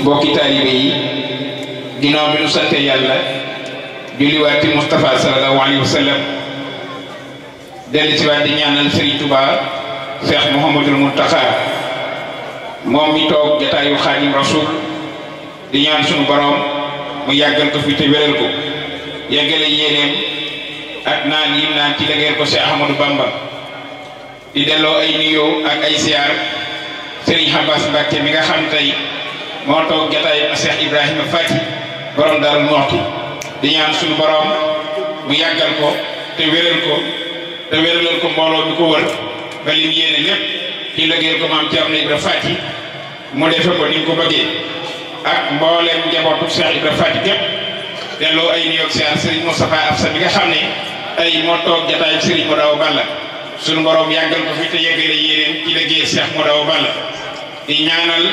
mbokki taalibe yi ginnaaw bi nu sante yàlla julliwaati Moustapha sallallahu alayhi wa sallam dellu si di ñaanal Serigne Touba Cheikh Mouhamadul Mountakha moom mi toog jataayu Xaadim Rasul di ñaan sunu borom mu yàggal ko fi te wéral ko yàggale yéeneem ak naan yim naan ci liggéeyal ko Cheikh Ahmadou Bamba di delloo ay nuyoo ak ay siyaar Serigne Abass Mbacke mi nga xam tey. moo toog jataay Cheikh Ibrahima Fati borom Darou Mouhty di ñaan suñu borom mu yàggal ko te wéral ko te wéralal ko mbooloo bi ko wër ba lim yéene lépp ci liggéeyal ko maam Thierno Ibra Fati mu defe ko ni ko bëggee ak mbooleem njabootu Cheikh Ibra Fati gépp delloo ay nuyoo ak Serigne Moustapha Absa bi nga xam ne ay moo toog jataay Serigne Modaw Balla suñu borom yàggal ko fi te yeggale yéeneen ci liggéey Cheikh Modaw Balla di ñaanal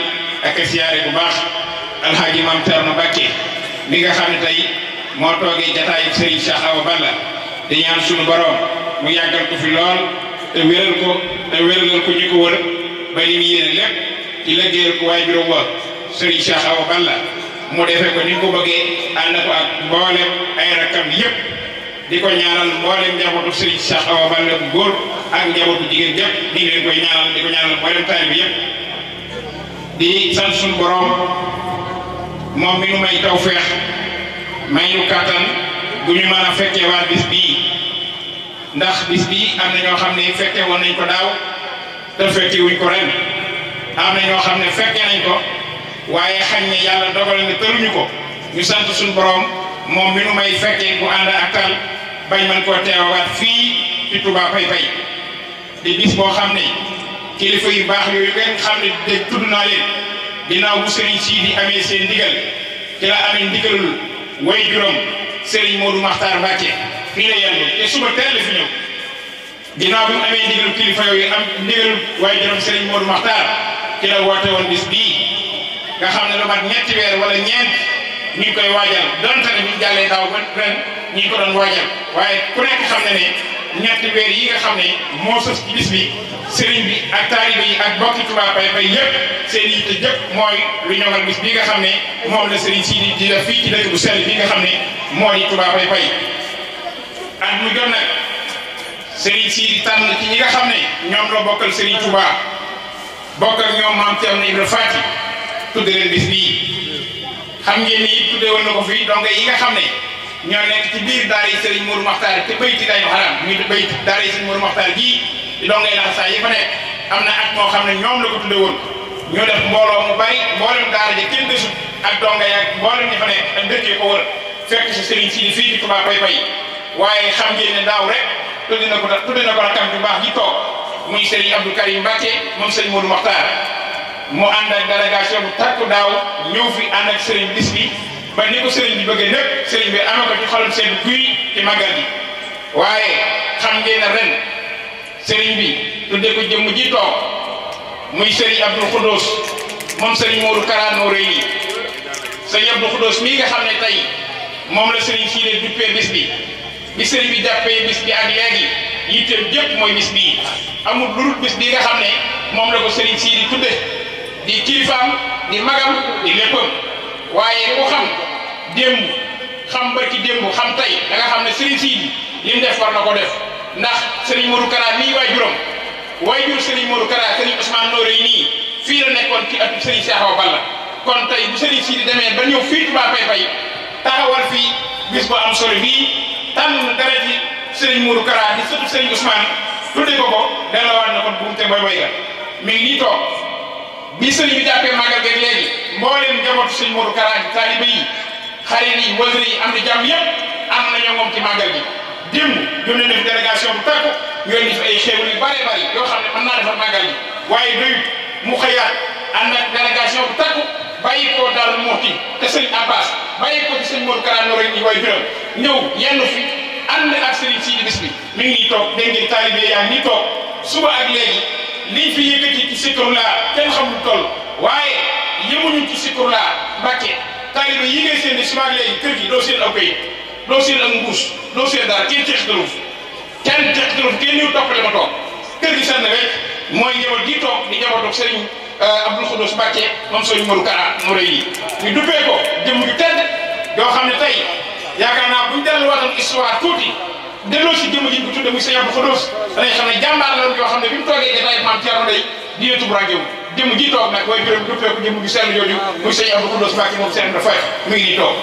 ak siyaare bu baax alxaaji maam Thierno Mbacké mi nga xam ne tey moo toogee jataayu Serigne Cheikh Balla di ñaan suñu borom mu yàggal ko fi lool te wéral ko te ba li mu yéene lépp ci liggéeyal ko waay juróom wa Serigne Cheikh Awa Balla mu defee ko ni ko bëggee ànd ko ak mboolem ay rakkam yépp di ko ñaanal mboolem njabootu Serigne Cheikh Balla bu góor ak njabootu jigéen yépp di leen koy ñaanal di ko ñaanal mboolem taalibe yépp di sant suñu borom moom mi nu may tawféex may nu kàttan bu ñu mën a fekkee waa bis bii ndax bis bii am na ñoo xam ne fekke woon nañ ko daal te fekke wuñ ko ren am na ñoo xam ne fekke nañ ko waaye xañ ne yàlla dogal ne tëruñu ko ñu sant suñu borom moom mi nu may fekkee bu ànd ak tal bañ man koo teewaat fii ci Touba Pay di bis boo xam ne. kilifa yu baax yooyu ngeen xam ne de tudd naa leen ginnaaw bu sëriñ sii di amee seen ndigal te amee ndigalul way juróom sëriñ Modou Makhtar Mbacke fii la suba teel la fi ñëw ginnaaw amee ndigalul kilifa am ndigalul way juróom sëriñ Modou Makhtar ki la woon bis nga xam ne lu mat ñetti weer wala ñeent. ñu ngi koy waajal donte ne buñ jàllee daaw ba ñu ngi ko doon waajal waaye ku nekk xam ne ne ñetti weer yi nga xam ne moo sos ci sëriñ bi ak taalibe nga xam ne moom la sëriñ Sidi di fii ci dëkk bu sell bi nga xam ne moo di Touba at mu jot nag sëriñ Sidi tànn ci ñi nga xam ne ñoom la bokkal sëriñ Touba bokkal ñoom maam Thierno Ibrahima Fati tudd leen bis bii. xam ngeen ni it woon na ko fii donc yi nga xam ne ñoo nekk ci biir daara yi Serigne Mourou Makhtar te bayti dañu xaram muy bayti yi Serigne Mourou lax saa yi fa nekk am na at moo xam ne ñoom la ko woon ñu def mbooloo mu bari mboolem daara ja kenn desut ak donga yaag mboolem ñi fa nekk ak dëkkee ko wër fekk si Serigne Sidi fii di Touba Pay Pay waaye xam ngeen ne daaw rek tudd na ko tudd na ko rakam bu baax ji toog muy Serigne Abdou Karim Mbacké moom Serigne Mourou Makhtar moo ànd ak délégation bu takku daaw ñëw fi sëriñ bis bi ba ni ko sëriñ bi bëggee lépp sëriñ bi ama ko ci xolam seen kuy ci màggal gi waaye xam ngeen ne sëriñ bi tudde ko jëmm ji toog muy sëriñ Abdou Khoudous moom sëriñ Modou Kara Noreyni sëriñ Abdou Khoudous mii nga xam ne tey moom la sëriñ sii lee bis bi bi sëriñ bi jàppee bis bi ak léegi yitteem jëpp mooy bis bii amul lu bis bi nga xam ne moom la ko sëriñ sii tudde di kilifaam ni magam di léppam waaye ku xam démb xam barki démb xam tey da xam ne Serigne Sidi li mu def war na ko def ndax Serigne Modou Kara mii waajuram waajur Serigne Modou Kara Serigne Ousmane Nouré yi nii fii la nekkoon ci atum Serigne Cheikh Awa Balla kon tey bu Serigne Sidi demee ba ñëw fii Touba Pay Pay taxawal fii bis bu am solo bii tànn dara ci Serigne Modou Kara di sëtu Serigne Ousmane tudde ko ko delloowaat na kon buum te mooy wayga mi ngi nii bi sëriñ bi jàppee màggal geeg léegi mbooleem njabootu sëriñ Modou Kara yi taalibe yi xarit yi wasir yi am na jàmm yëpp am nañoo moom ci màggal gi démb yónnee na fi délégation bu takku yónni fi ay xéewal yu bare bari yoo xam ne mën naa defar màggal gi waaye doyut mu xëyaat ànd ak délégation bu takku bàyyi ko daal mooti te sëriñ Abbas bàyyi ko ci sëriñ Modou Kara no rek ñi way biram ñëw yenn fi ànd ak sëriñ Sidi bis bi mi ngi toog dégg ngeen taalibe yaa liñ fi yëkkati ci sikkur laa kenn xamul toll waaye yemuñu ci sikkur laa mbàkke taalibe yi ngay seen si subaak léegi kër gi doo seen ak koy doo seen ak mbuus doo seen dara kenn teextaluf kenn teextaluf kenn ñëw toppale ma toog kër gi seen rek mooy njaboot gi toog di njabootug sëriñ euh, Abdou Khoudous Mbàkke rëy yi ñu duppee ko jëm ju tedd yoo xam ne tey yaakaar naa buñ delluwaatoon histoire tuuti delloo si jëmm ji bu tudde muy sa yàgg xodóos da ngay xam ne jàmbaar la yoo xam ne bi mu toogee jotaay maam Thierno day di yëtu braqué jëmm ji toog nag waaye béréb duppeeku jëmm gi seen jooju muy sëñ Abdou Khoudoss Mbacke moom seen na fay mi ngi nii toog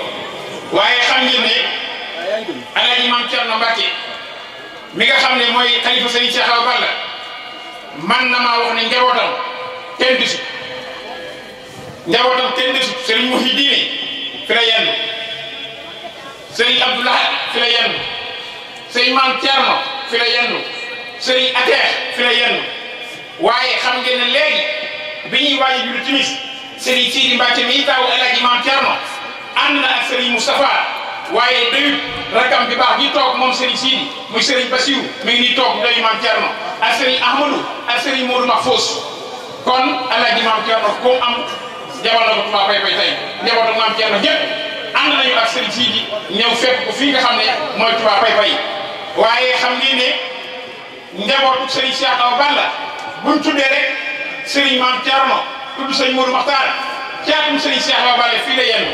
waaye xam ngeen ne Alaaji Maam Cerno Mbacke mi nga xam ne mooy xalifa sëñ Cheikh Awa Balla man na maa wax ne njabootam kenn desut njabootam kenn desut sëriñ Mouhidine fi la yendu sëriñ Abdoulaye fi la yendu sëñ maam Thierno fi la yendu sëriñ Ateex fi waaye xam ngeen ne léegi bi ñuy waaj a julli timis sëriñ Sidi Mbacke mi taawu El Hadj Maam Thierno ànd na ak sëriñ Moustapha waaye doyut rakam bi baax ñu toog moom sëriñ Sidi muy sëriñ Bassirou mi ngi toog doyu Maam Thierno ak sëriñ Ahmadou ak sëriñ Modou Mahfous kon El Hadj Maam Thierno ku am jamono bu ma koy koy tey njabootu Maam Thierno ñëpp ànd nañu ak sëriñ Sidi ñëw fekk ko fii nga xam ne mooy Touba Pay Pay waaye xam ngeen ne njabootu Serigne Cheikh Awa Balla buñ tuddee rek Serigne Mame Thierno tudd sëñ Modou Makhtar caatum Serigne Cheikh Awa Balla fii la yenn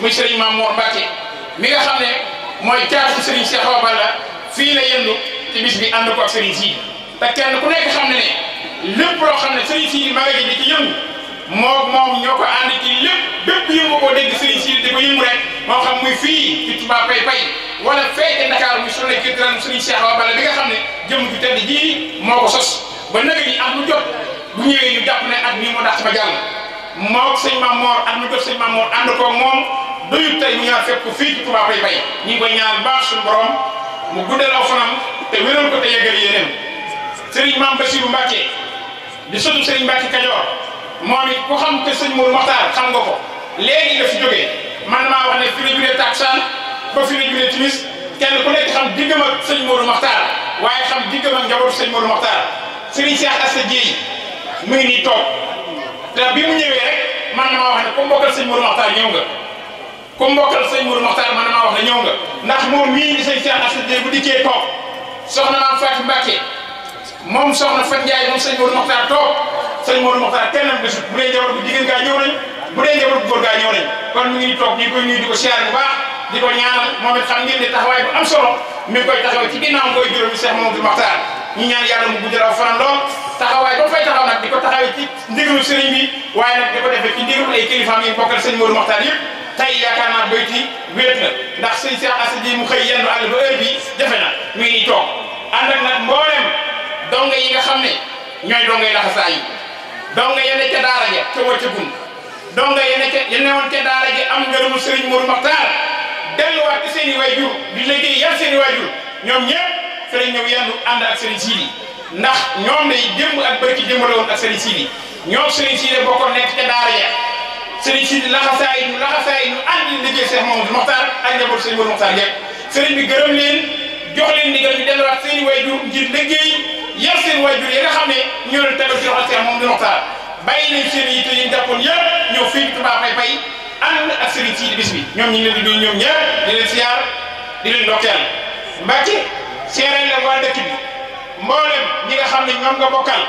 muy Serigne Mame Mor Mbacke mi nga xam ne mooy caatum Serigne Cheikh Awa Balla fii la yenn ci bis bi ànd ko ak Serigne Sidi te kenn ku nekk xam ne ne lépp loo xam ne Serigne Sidi ma nga ji di ci yëngu moo moom ñoo ko ànd ci lépp bépp yëngu ko dégg Serigne Sidi di ko yëngu rek moo xam muy fii ci Touba Pay wala feete Dakar muy journée culturelle mu Serigne Cheikh Awa Balla nga xam ne jëm ju tedd jii moo ko ba nag yi am jot bu ñëwee ñu jàpp ne at mii moo tax ba jàll moo sëñ Mamor at mu jot sëñ Mamor ànd ko moom doyut tey bu ñaar fekk ko fii ci Touba bay bay ñu ngi koy ñaan baax suñu borom mu guddal aw fanam te wéral ko te yeggal yéeneen Serigne Mame Bassirou Mbacké di sotu Serigne Mbacké Kajoor moom it ku xam te sëñ Mourou Makhtar xam nga ko léegi nga fi jógee man maa wax ne fi la juree taksaan ba fi ñu jullee timis kenn ku nekk xam diggam ak sëñ Modou Maxtaar waaye xam diggam ak njabootu sëñ Modou Maxtaar Serigne Cheikh Assa Dieye mu nii toog te bi mu ñëwee rek man na maa wax ne ku mbokkal sëñ Modou Maxtaar ñëw nga ku mbokkal sëñ Modou Maxtaar man na maa wax ne ñëw nga ndax moom mii di sëñ Cheikh Assa Dieye bu dikkee toog soxna maam Fatou Mbacke mom soxna fa Ndiaye mom seigne Modou Mokhtar toog seigne Modou Mokhtar kenen am gisul bu jabar bu jigéen ga ñëw nañ bude jabar bu gor ga ñëw nañ kon mi ngi tok ni ñu koy nuyu di ko bu baax diko ñaanal momit xam ngeen ni taxaway bu am solo mi koy taxaw ci ginnaaw koy jël juróomi Cheikh Mamadou Mokhtar ñu ñaan yàlla mu guddalaw fanam lool taxawaay ba fay taxaw nak diko taxaw ci ndigalu seigne bi waye nak diko ko ci ndigalu ay kilifa mi bokkal seigne Modou Mokhtar yëpp tay yaakaar naa doy ci wéet na ndax seigne Cheikh Assa mu xëy yendu àll ba heure bi jafe na mi ngi tok toog ànd ak nag mboolem donga yi nga xam ne ñooy donga yi laxasaa yi donga yene ca daara ja ca wacca gun donga yene ca yene woon ca daara ja am ngërëmu sëriñ Mourou Maxtaar delluwaat ci seen i waajur di liggéey yar seen i waajur ñoom ñëpp fi lañ ñëw yendu ànd ak sëriñ Sidi ndax ñoom day démb ak bërki démb la woon ak sëriñ Sidi ñoom sëriñ Sidi bokkoon nekk ca ja sëriñ Sidi laxasaa yi ñu laxasaa yi ñu ànd liggéey Cheikh Mamadou Maxtaar ak sëriñ Mourou Maxtaar yëpp sëriñ bi gërëm leen jox leen ndigal ñu delluwaat seen i waajur ngir liggéey yar seen waajur yi nga xam ne ñoo leen tegal ci loxo Cheikh moom di waxtaan bàyyi nañ seen i yitte yi ñu jàppoon yëpp ñëw fii ci Touba Faye Faye ànd ak sëriñ si bis bi ñoom ñu ngi leen di nuyu ñoom ñëpp di leen siyaar di leen ndokkeel Mbacke seereel la waa dëkk bi mboolem ñi nga xam ne ñoom nga bokkal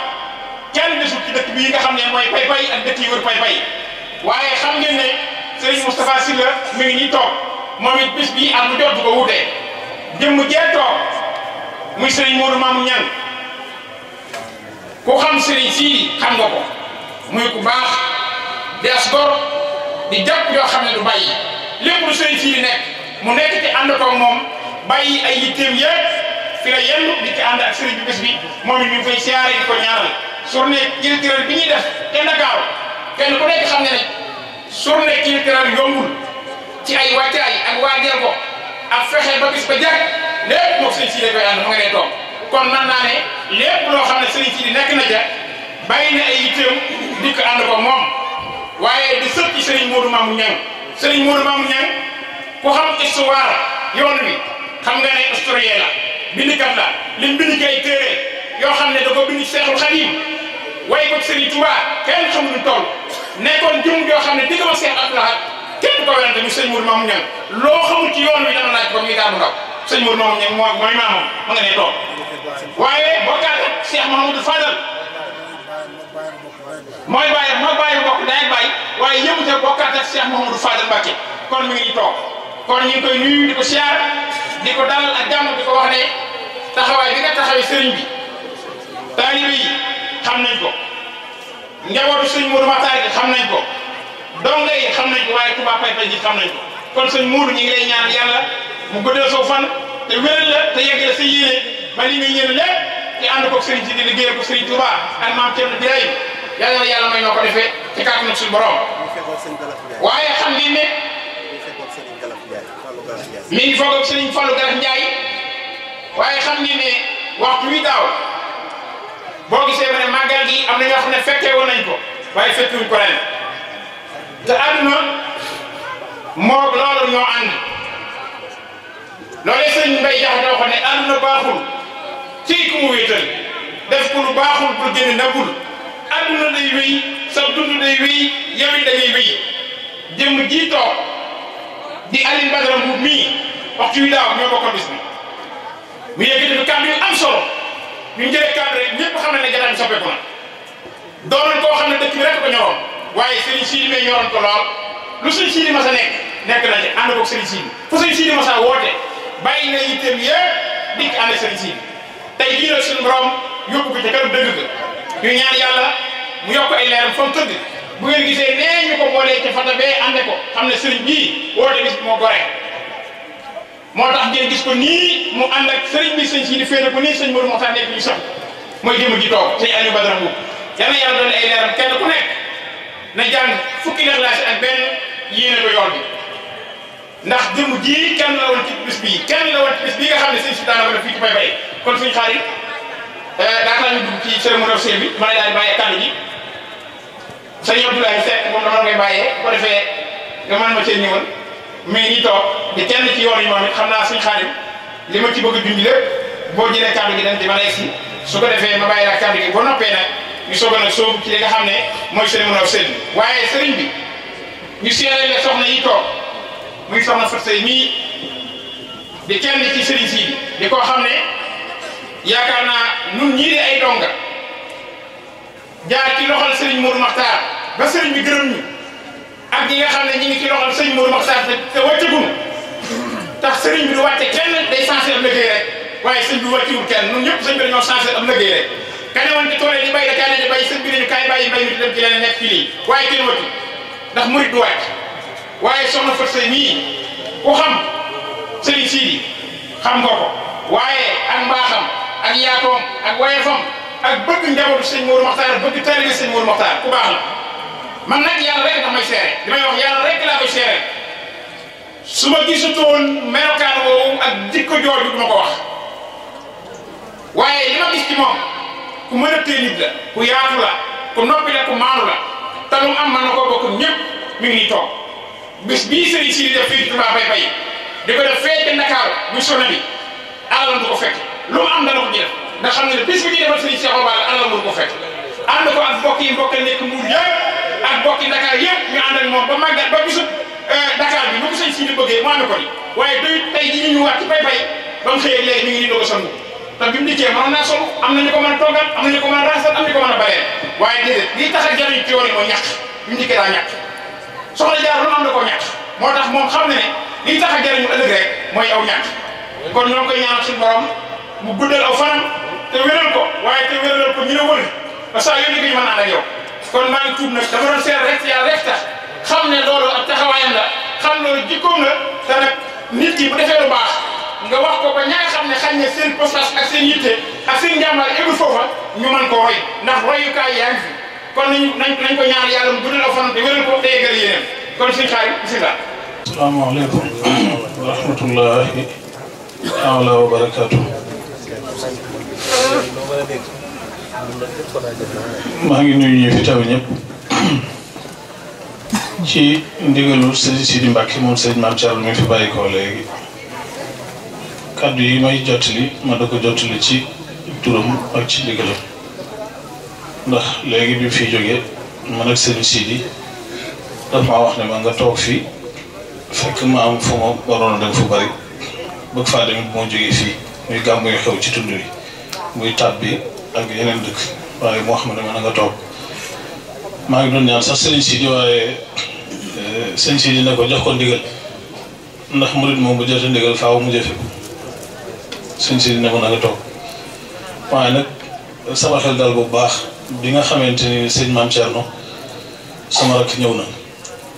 kenn desul ci dëkk bi yi nga xam ne mooy Faye Faye ak dëkk yi wër Faye Faye waaye xam ngeen ne Serigne Moustapha Sylla mi ngi ñuy toog moom it bis bii am mu jot ko wutee jëmm jeetoo muy sëriñ Modou Mamou Niang ku xam sëriñ sii xam nga ko muy ku baax di as gor di jàpp yoo xam ne du bàyyi lépp lu sëriñ sii nekk mu nekk ci ànd koog moom bàyyi ay yitteem yëpp fi la yenn di ci ànd ak sëriñ bi bés bi moom it ñu ngi koy siyaare di ko ñaanal journée culturelle bi ñuy def kenn gaaw kenn ku nekk xam nga ne journée culturelle yombul ci ay wàccaay ak waajal ko. ak fexe ba bis ba jag lépp moom sëñ si koy man naa ne loo xam ne sëriñ nekk na ja bàyyi na ay yitteem dikk ànd ko moom waaye di sëpp ci sëriñ Modou Mamou Niang sëriñ Modou Mamou Niang ku xam histoire yoon wi xam nga ne historien la bi la lim bind ci ay téere yoo xam ne da ko bind Seexul Xadim waaye ko sëriñ Touba kenn xamuñu toll nekkoon jum yoo xam ne digg ma Seex Abdou Lahad képp ko werante ni sëñ Mour Mamoune Niang loo xamul ci yoon wi dana laaj ba muy gàmmu ndaw sëñ Mour Mamoune Niang mooy mooy maamam ma nga ne toog waaye bokkaat ak Cheikh Mouhamadou Fadal mooy bàyyi mooy bàyyi bokk daay bàyyi waaye yëmu te bokkaat ak Cheikh Mouhamadou Fadal Mbacké kon mi ngi toog kon ñu ngi koy nuyu di ko siyaar di ko dalal ak jàmm di ko wax ne taxawaay bi nga taxawee sëriñ bi taalibe xam nañ ko njabootu sëriñ Mourou Matar gi xam nañ ko. donga yi xam nañ ko waaye Touba Faye Faye ji xam nañ ko kon sëñ Mourou ñu ngi ñaan yàlla mu guddal soo fan te wéral la te yeggal sa yéene ba li nga ñëw lépp te ànd koog sëriñ si di liggéeyal ko sëriñ Touba ak yàlla na yàlla may noo ko defee ci kàttan ak suñu borom waaye xam ngeen ne mi ngi foog ak sëriñ Fallou Gallas Ndiaye waaye xam ngeen ne waxtu wi daaw boo gisee ba ne màggal gi am na ñoo xam ne fekkee woon nañ ko waaye fekkuñ ko ren te àdduna moo loolu ñoo ànd loolu sëñ Mbay Jaxate doo ko ne àdduna baaxul ci ku mu wéetal def ku lu baaxul pour génn nagul àdduna day wéy sa dund day wéy yow it dangay jëmm jii di Alioune Badara Mbuub mii waxtu wi daaw ñoo bokkoon bis bi mu yëkkati bi kàddu yu am solo ñu jëlee kàddu rek ñëpp xam ne ne jataay bi soppeeku na doonoon koo xam ne dëkk bi rek ko waaye sëriñ Sidi may ñoroon ko lool lu sëriñ Sidi ma sa nekk nekk na ci ànd koog sëriñ Sidi fu sëriñ Sidi ma sa woote bàyyi na yitteem yëpp dikk ànd ak sëriñ Sidi tey lii la suñu borom yóbbu ko ca kanam dëgg ga ñu ñaan yàlla mu yokk ay leeram gisee nee ñu ko boolee ca fata bee ànde ko am na sëriñ bii woote bis moo gore moo tax ngeen gis ko nii mu am na sëriñ bi sëñ Sidi féete ko nii sëñ Modou Moussa nekk ñu sax mooy jëmm ji toog sëñ Aliou Badara na jàng fukki nag laa si ak benn yéene ko yoon bi ndax jëmu jii kenn la woon ci bis bii kenn la woon ci bis bii nga xam ne sëñ si daana ko def fii ci bay bay kon suñu xaar yi eh, daataa ñu dugg ci cérémonie bi ma lay daal di bàyyee kàddu ji sëñ moom dama la koy bàyyee ko defee nga mën ma cee ñëwal mais ñi toog di kenn ci yoon yi moom it xam naa suñu xaar yi li ma ci bëgg a lépp. boo jëlee kàddu gi dañ ci mën a egsi su ko defee ma bàyyi la kàddu gi ba noppee nag ñu soog a nag sóobu ci li nga xam ne mooy sëriñ Mounaf Seyni waaye sëriñ bi ñu seeree la soxna yi toog muy soxna Fatou Seye mii di kenn ci sëriñ sii bi di ko xam ne yaakaar naa nun ñii di ay donga jaar ci loxol sëriñ Mourou Makhtar ba sëriñ bi gërëm ñu ak ñi nga xam ne ñi ngi ci loxol sëriñ Mourou Makhtar te wàccagum tax sëriñ bi du wàcce kenn day sensibiliser rek. waaye sëñ bi wàcciwul kenn ñun ñëpp sëñ bi dañoo changé am liggéey rek ka ne woon ci tool yi di bay da kaa ne di bay sëñ bi dañu kaay bàyyi mbay mi di dem ci leneen nekk ci lii waaye kenn wàccu ndax murit du wàcc waaye soxna Fatou Seye mii ku xam sëriñ Sidi xam nga ko waaye ak mbaaxam ak yaatoom ak wayefam ak bëgg njabootu sëñ Mourou Maxtaar bëgg taalibe sëñ Mourou Maxtaar ku baax la man nag yàlla rek tax may seere li may wax yàlla rek laa koy seere su ma gisutoon melokaan woowu ak jikko jooju du ma ko wax waaye li ma gis ci moom ku mën a téye nit la ku yaatu la ku noppi la ku maanu la te lu am mën na ko bokk ñëpp mi ngi nii toog bis bii sëriñ si di def fii Touba Baye Baye di ko def fee ca Ndakaaru bu sona bi alalam du ko fekk lu mu am dana ko ci def na xam nga ne bis bi la alalam ko ak mbokk yi mbokk nekk muur yëpp ak mbokk Dakar yëpp ñu ànd ak moom ba màggat ba bisu euh, Dakar bi lu ko sëñ si di bëggee mu amee ko ni waaye doy tey jii ñu ñu waat ci Baye Baye ba mu xëyee léegi ñu ngi nii doog te bi mu dikkee mënoon naa solu am na ñu ko mën a toogal am na ñu ko mën a raasal am na ñu ko mën a bareel waaye déedéet lii tax a jariñ ci yoon yi mooy ñàkk bi mu dikkee daa ñàkk soxla jaar lu am da koo ñàkk moo tax moom xam na ne lii tax a jariñu ëllëg rek mooy aw ñàkk kon ñoo ngi koy ñaanal suñu borom mu guddal aw fanam te wéral ko waaye te wéral ko ñu ne wër ba yu liggéey mën ànd yow kon maa ngi tuub nag dama doon seet rek yàlla rek tax xam ne loolu ak taxawaayam la xam loolu jikkoom la te nag nit ki bu defee lu baax nga wax ko ba ña nga xam ne xañ ne seen postage ak seen yitte ak seen njàmbaar egul foofa ñu mën ko roy ndax royukaay yaa ngi fi kon nañu nañ nañ ko ñaan yàlla mu guddal aw fan te wéral ko day gër yéeneen kon suñu xaar bisimilah. asalaamaaleykum wa rahmatullahi taala wa barakaatu. maa ngi nuyu ñu fi taw ñëpp. ci ndigalul sëriñ Sidi Mbacke moom sëriñ Mame Thierno mi fi bàyyi ko léegi. kàddu yi may jottali ma da ko jottali ci turam ak ci ndigalam ndax léegi bi fi jógee man ak sëñ Sidi daf wax ne ma nga toog fii fekk ma am fu ma waroon a dem fu bari bëgg faa dem moo jógee fii muy gàmm yu xew ci tund wi muy tàbbi ak yeneen dëkk waaye mu wax ma ne ma na nga toog maa ngi doon ñaan sax sëñ Sidi waaye eh, sëñ Sidi ne ko jox ko ndigal ndax murit moom bu jotee ndigal faaw mu jëfe suñ si ne ma na nga toog waaye nag sama xel dal bu baax bi nga xamante ni sëñ maam Thierno sama rakk ñëw na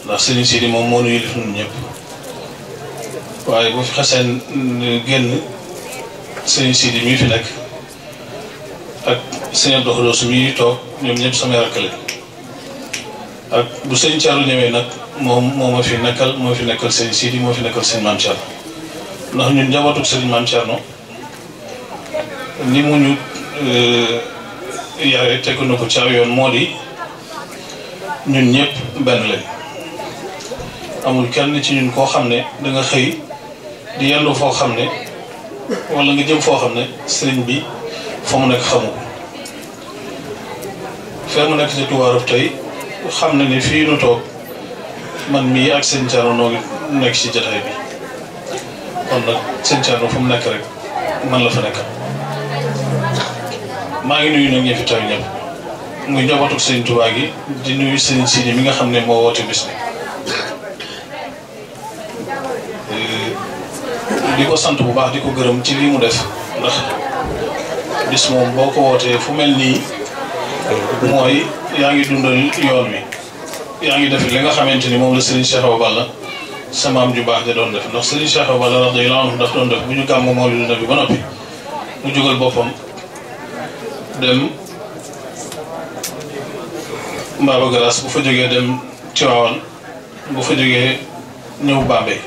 ndax sëñ si moom moo ñu yëlif ñun ñëpp waaye fi nekk ak sëñ Abdou Khoudous mii toog ñoom ñëpp samay rakk lañ ak bu sëñ Thierno ñëwee nag moom moo ma fi nekkal moo fi nekkal sëñ Sidi moo fi nekkal sëñ maam Thierno ndax ñun njabootu sëñ maam Thierno. li mu ñu euh, yàlla teg na ko ci yoon moo di ñun ñëpp benn lañ amul kenn ci ñun koo xam ne danga xëy di yendu foo xam ne wala nga jëm foo xam ne sëriñ bi fa mu nekk xamu ko fee mu nekk ci tuwaaruf tey xam na ni fii nu toog man mii ak sëñ Thierno noo nekk ci jotaay bi kon nag sëñ Thierno fu mu nekk rek man la fa nekkal. maa ngi nuyu nag ñi fi teew ñëpp muy njabootu Serigne Touba gi di nuyu Serigne Sidi mi nga xam ne moo wootee bis bi di ko sant bu baax di ko gërëm ci lii mu def ndax bis moom boo ko wootee fu mel nii mooy yaa ngi dundal yoon wi yaa ngi def li nga xamante ni moom la Serigne Cheikh Balla sa maam ju baax ja doon def ndax Serigne Cheikh Awa Balla radiyallahu anhu doon def bu ñu gàmm moo bi dunda bi ba noppi mu jógal boppam dem Mbaba Galaas bu fa jógee dem Tiwaawan bu fa jógee ñëw Bambey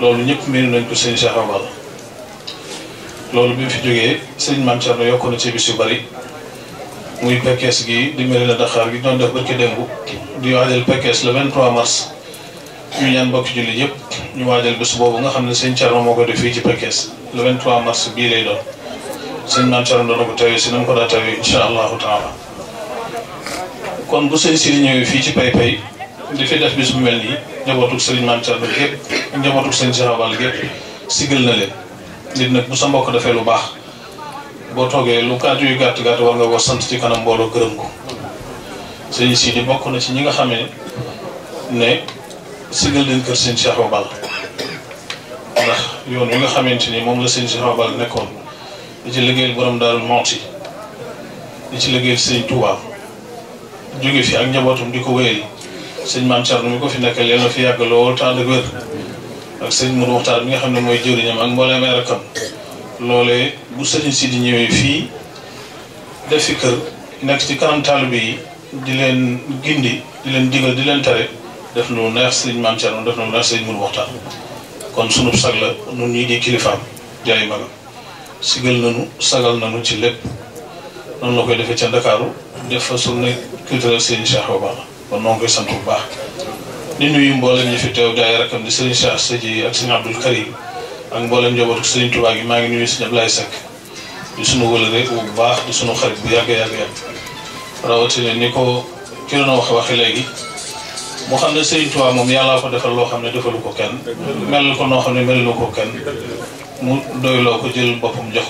loolu ñëpp miinu nañ ko sëñ Cheikh loolu bi fi jógee sëñ Maam Cerno yokk na ci bis yu bari muy pekkees gi di mel na Daxaar gi doon def barki démb di waajal pekkees le 23 mars ñu ñaan mbokki julli yëpp ñu waajal bés boobu nga xam ne sëñ Cerno moo ko def fii ci pekkees le 23 mars bii lay doon sëñ Maam Cerno dana ko tawee si na mu ko daa tawee incha allahu taala kon bu sëñ Sidi ñëwee fii ci pay pay di fi def bis bu mel nii njabootu sëriñ Maam Cerno gépp njabootu sëñ Cheikh Abal gépp siggal na leen nit nag bu sa mbokk defee lu baax boo toogee lu kàddu yu gàtt gàtt war nga ko sant ci kanam mbooloo gërëm ko sëñ Sidi bokk na ci ñi nga xamee ne siggal leen kër seen Cheikh Abal ndax yoon wi nga xamante ni moom la sëñ Cheikh Abal nekkoon. di ci liggéeyal borom Daaru Muxti di ci liggéeyal sëñ Touba jóge fi ak njabootum di ko wéyal sëñ Maam Cerno mi ko fi leen yàlla fi yàgg lool te ànd ak wér ak sëñ bi nga xam ne mooy jëriñam ak mbooleem ay rakkam loolee bu sëñ si di ñëwee fii def fi kër nekk ci kanam taalibe yi di leen gindi di leen digal di leen tere def lu neex sëñ Maam def lu neex sëñ Mourou Mokhtar kon sunu sag la nun ñii di kilifaam jërëjëf. sigal nañu sagal nañu ci lépp noonu la koy defee ca Ndakaaru def fa journée culturelle Serigne Cheikh Awa Balla kon noo ngi koy sant bu baax di nuyu mboolem ñi fi teew di ay rakam di Serigne Cheikh Sadji ak Serigne Abdoul Karim ak mboolem njabootu Serigne Touba gi maa ngi nuyu Serigne Ablaye Seck di sunu wëlëre bu baax di sunu xarit bu yàgg yàgg yàgg rawatina ni ko ki doon wax waxi léegi moo xam ne Serigne Touba moom yàllaa ko defal loo xam ne defalu ko kenn mel ko xam ne ko kenn mu doyloo ko jël boppam jox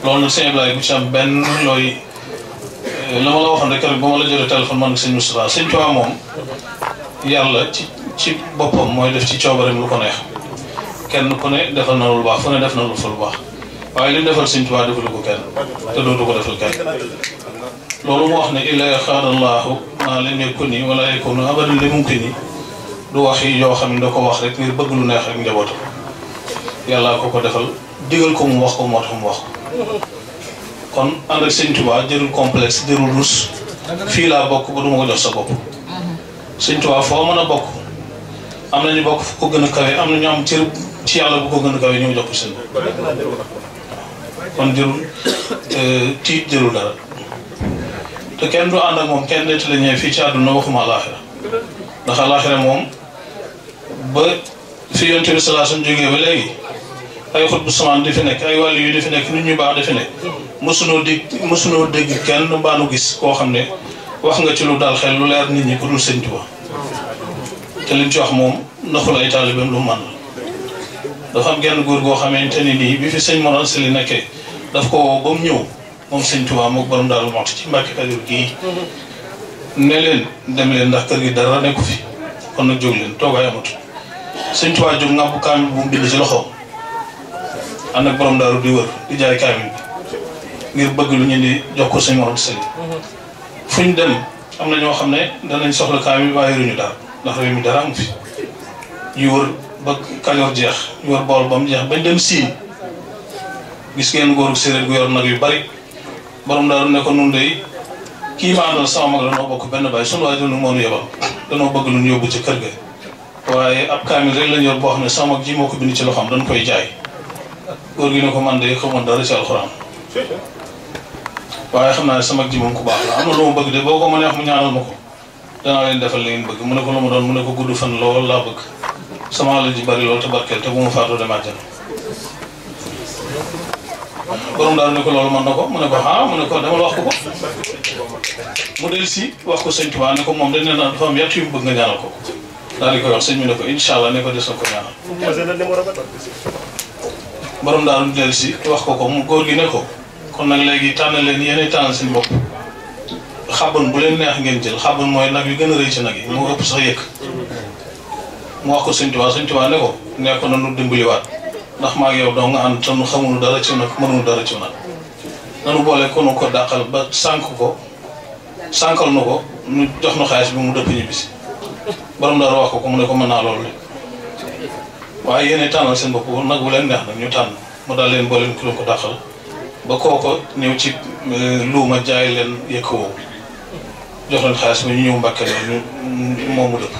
ko loolu nag sëñ Ablaye bu ci am benn looy eh, la ma la waxoon rek keroog ba ma la jëlee téléphone man ak sëñ Moustapha sëñ Tuubaa moom yàlla ci ci boppam mooy def ci coobareem lu ko neex kenn ku ne defal na lu baax fu ne def na lu fa lu baax waaye li mu defal sëñ Tuubaa defalu ko kenn te dootu ko defal kenn loolu mu wax ne illa xaarallahu maa lam yakuni wala yakunu abadan li mumkini du wax yi yoo xam ne da ko wax rek ngir bëgg lu neex rek njabootam yàlla ko ko defal digal ko mu wax ko moo tax mu wax ko kon ànd ak sëñ Tuubaa jërul complexe jërul rus fii laa bokk ba du ko jox sa bopp sëñ Tuubaa foo mën a bokk am na ñu bokk fu ko gën a kawe am na ñu am cër ci yàlla bu ko gën a kawe ñu jox ko seen kon jërul tiit jërul dara te kenn du ànd ak moom kenn nit la ñëwee fii ci àdduna waxuma alaaxira ndax alaaxira moom ba fi yonent bi sallallahu alayhi wasallam jógee ba léegi ay xut bu samaan di fi nekk ay wàll yu di fi nekk nit ñu baax di fi nekk mosunoo dégg mosunoo dégg kenn gis koo xam ne wax nga ci lu daal xel lu leer nit ñi ku dul sëñ Tuubaa te liñ ci wax moom lu man la dafa góor goo xamante ni nii bi fi sëñ Mor nekkee daf ko woo ba mu ñëw moom sëñ Tuubaa mook borom daal moxti ci Mbàkke Kajoor gii ne leen dem leen ndax kër gi dara nekku fi kon nag jóg leen toogaay amatu sëñ Tuubaa jóg ngàbbu kaamil bu mu ci loxoom ànd ak borom daaru di wër di jaay kaamil ngir bëgg lu ñu di jox ko suñu morom sëñ fu ñu dem am na ñoo xam ne danañ soxla kaamil waaye yoruñu daal ndax réew mi dara fi ñu wër ba Kajoor jeex ñu wër bool ba mu jeex bañ dem siin gis ngeen gooru séeréer gu yor nag yu bari borom daaru ne ko nun de kii ma àndal sama mag danoo bokk benn baay sunu waaye danu moonu yebal danoo bëgg lu ñu yóbbu ci kër ga waaye ab kaamil rek lañ yor boo xam ne sama mag ji moo ko bind ci loxoom dañ góor gi ne ko man de xamoon dara alxuraan waaye xam naa sama ji ku baax la am na lu ma bëgg de boo ko mënee wax mu ñaanal ma ko danaa leen defal li ngeen bëgg mu ne ko lu ma doon mu ne ko gudd fan lool laa bëgg sama alal ji bari lool te barkeel te bu ma daal ne ko loolu mën na ko mu ne ko ah mu ne ko demal wax ko ko mu del si wax ko sëñ Tuubaa ne ko moom dañ ne naan dafa am yàtt yu mu bëgg nga ñaanal ko daal di koy wax sëñ bi ne ko incha ne ko des na ko ñaanal. borom daal mu dellu si wax ko ko mu góor gi ne ko kon nag léegi tànn leen yéenay tànn seen bopp xabban bu leen neex ngeen jël xabban mooy nag yu gën a rëy ci nag yi moo ëpp sax yëkk mu wax ko Sëñ Tuubaa Sëñ Tuubaa ne ko nekkoon na nu dimbaliwaat ndax maa yow doo nga ànd xamul dara ci nag mënul dara ci nag nanu boole ko ko dàqal ba sànq ko sànqal nu ko nu jox nu xaalis bi mu dëpp ñibbisi borom daal wax ko ko mu ne ko mën naa loolu waaye yéen tànnal seen bopp nag wu leen neex nag ñu tànn mu daal leen booleen ku leen ko dàqal ba kooko ñëw ci euh, luuma jaay leen yëkk jox leen xaalis bi ñu ñëw mbàkke leen ñu moomu dëpp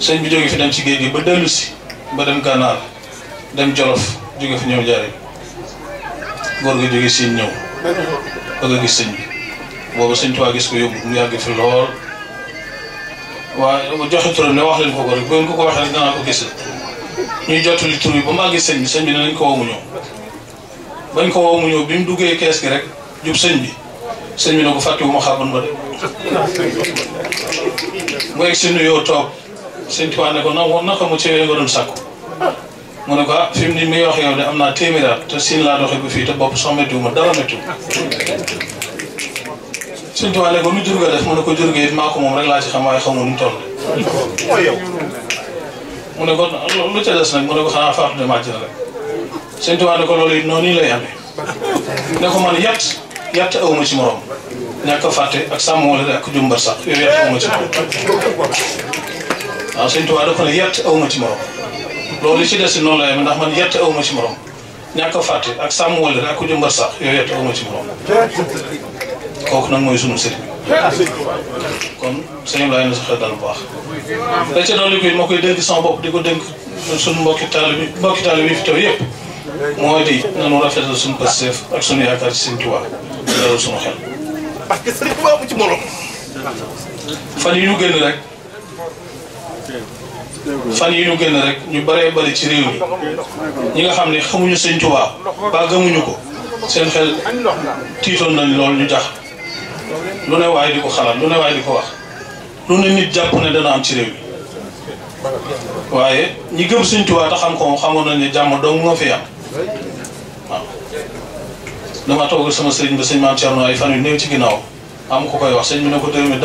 sëñ bi jóge fi dem ci géej gi ba dellu si ba dem gànnaar dem jolof jóge fi ñëw jaare góor gi jóge siin ñëw bëgg a gis sëñ boobu sëñ tuwaa gis ko yóbbu mu yàgg fi lool waaw bu joxe ne wax leen ko ko rek bu ngeen ko ko waxee rek danaa ko gis ñuy jottali tur bi ba maa sëñ bi sëñ bi ne ko woo mu ñëw bañ ko woo mu ñëw bi mu duggee kees gi rek jub sëñ bi sëñ bi ne ko fàttewu mu egg si nuyoo toog ko na woon naka mu ci yooyu nga doon sàkku mu ne ko ah fi mu ni wax yow de am naa téeméeraat te siin laa doxee ba fii te bopp sax méttiwu dara méttiwu suñu tubaab léegi nu jur nga def mu ne ko jur gi ko moom rek laa ci xam waaye xamu nu mu toll. mu ne ko lu ca ko xanaa faatu dem àjjana loolu it ma ci a fàtte ak sàmm ak jumbar sax yooyu yat aw ma yat aw ma ci li ci des it noonu lay amee ndax man yat aw ma ci morom ñàkk fàtte ak sàmm wala ak jumbar sax yooyu yat aw ci morom. kooku nag mooy sunu sëriñ kon sëriñ laay na sa ko dénk sunu mbokki taalibe bi moo di nanu rafetal suñu parce que sëriñ ci morom fan yi ñu génn rek fan yi ñu génn rek ñu bëree bari ci réew ñi nga xam ne xamuñu sëriñ Tuubaa ba gëmuñu ko seen xel tiitoon nañ lool ñu jax lu ne waaye di ko xalaat lu ne waaye di ko wax lu ne nit jàpp ne dana am ci réew mi waaye ñi gëm Sëñ Tuubaa te xam ko xamoon nañ ne jàmm dong moo fi am waaw dama toogal sama sëriñ ba sëñ maam Thierno ay fan yu néew ci ginnaaw am ko koy wax sëñ bi ne ko réew mi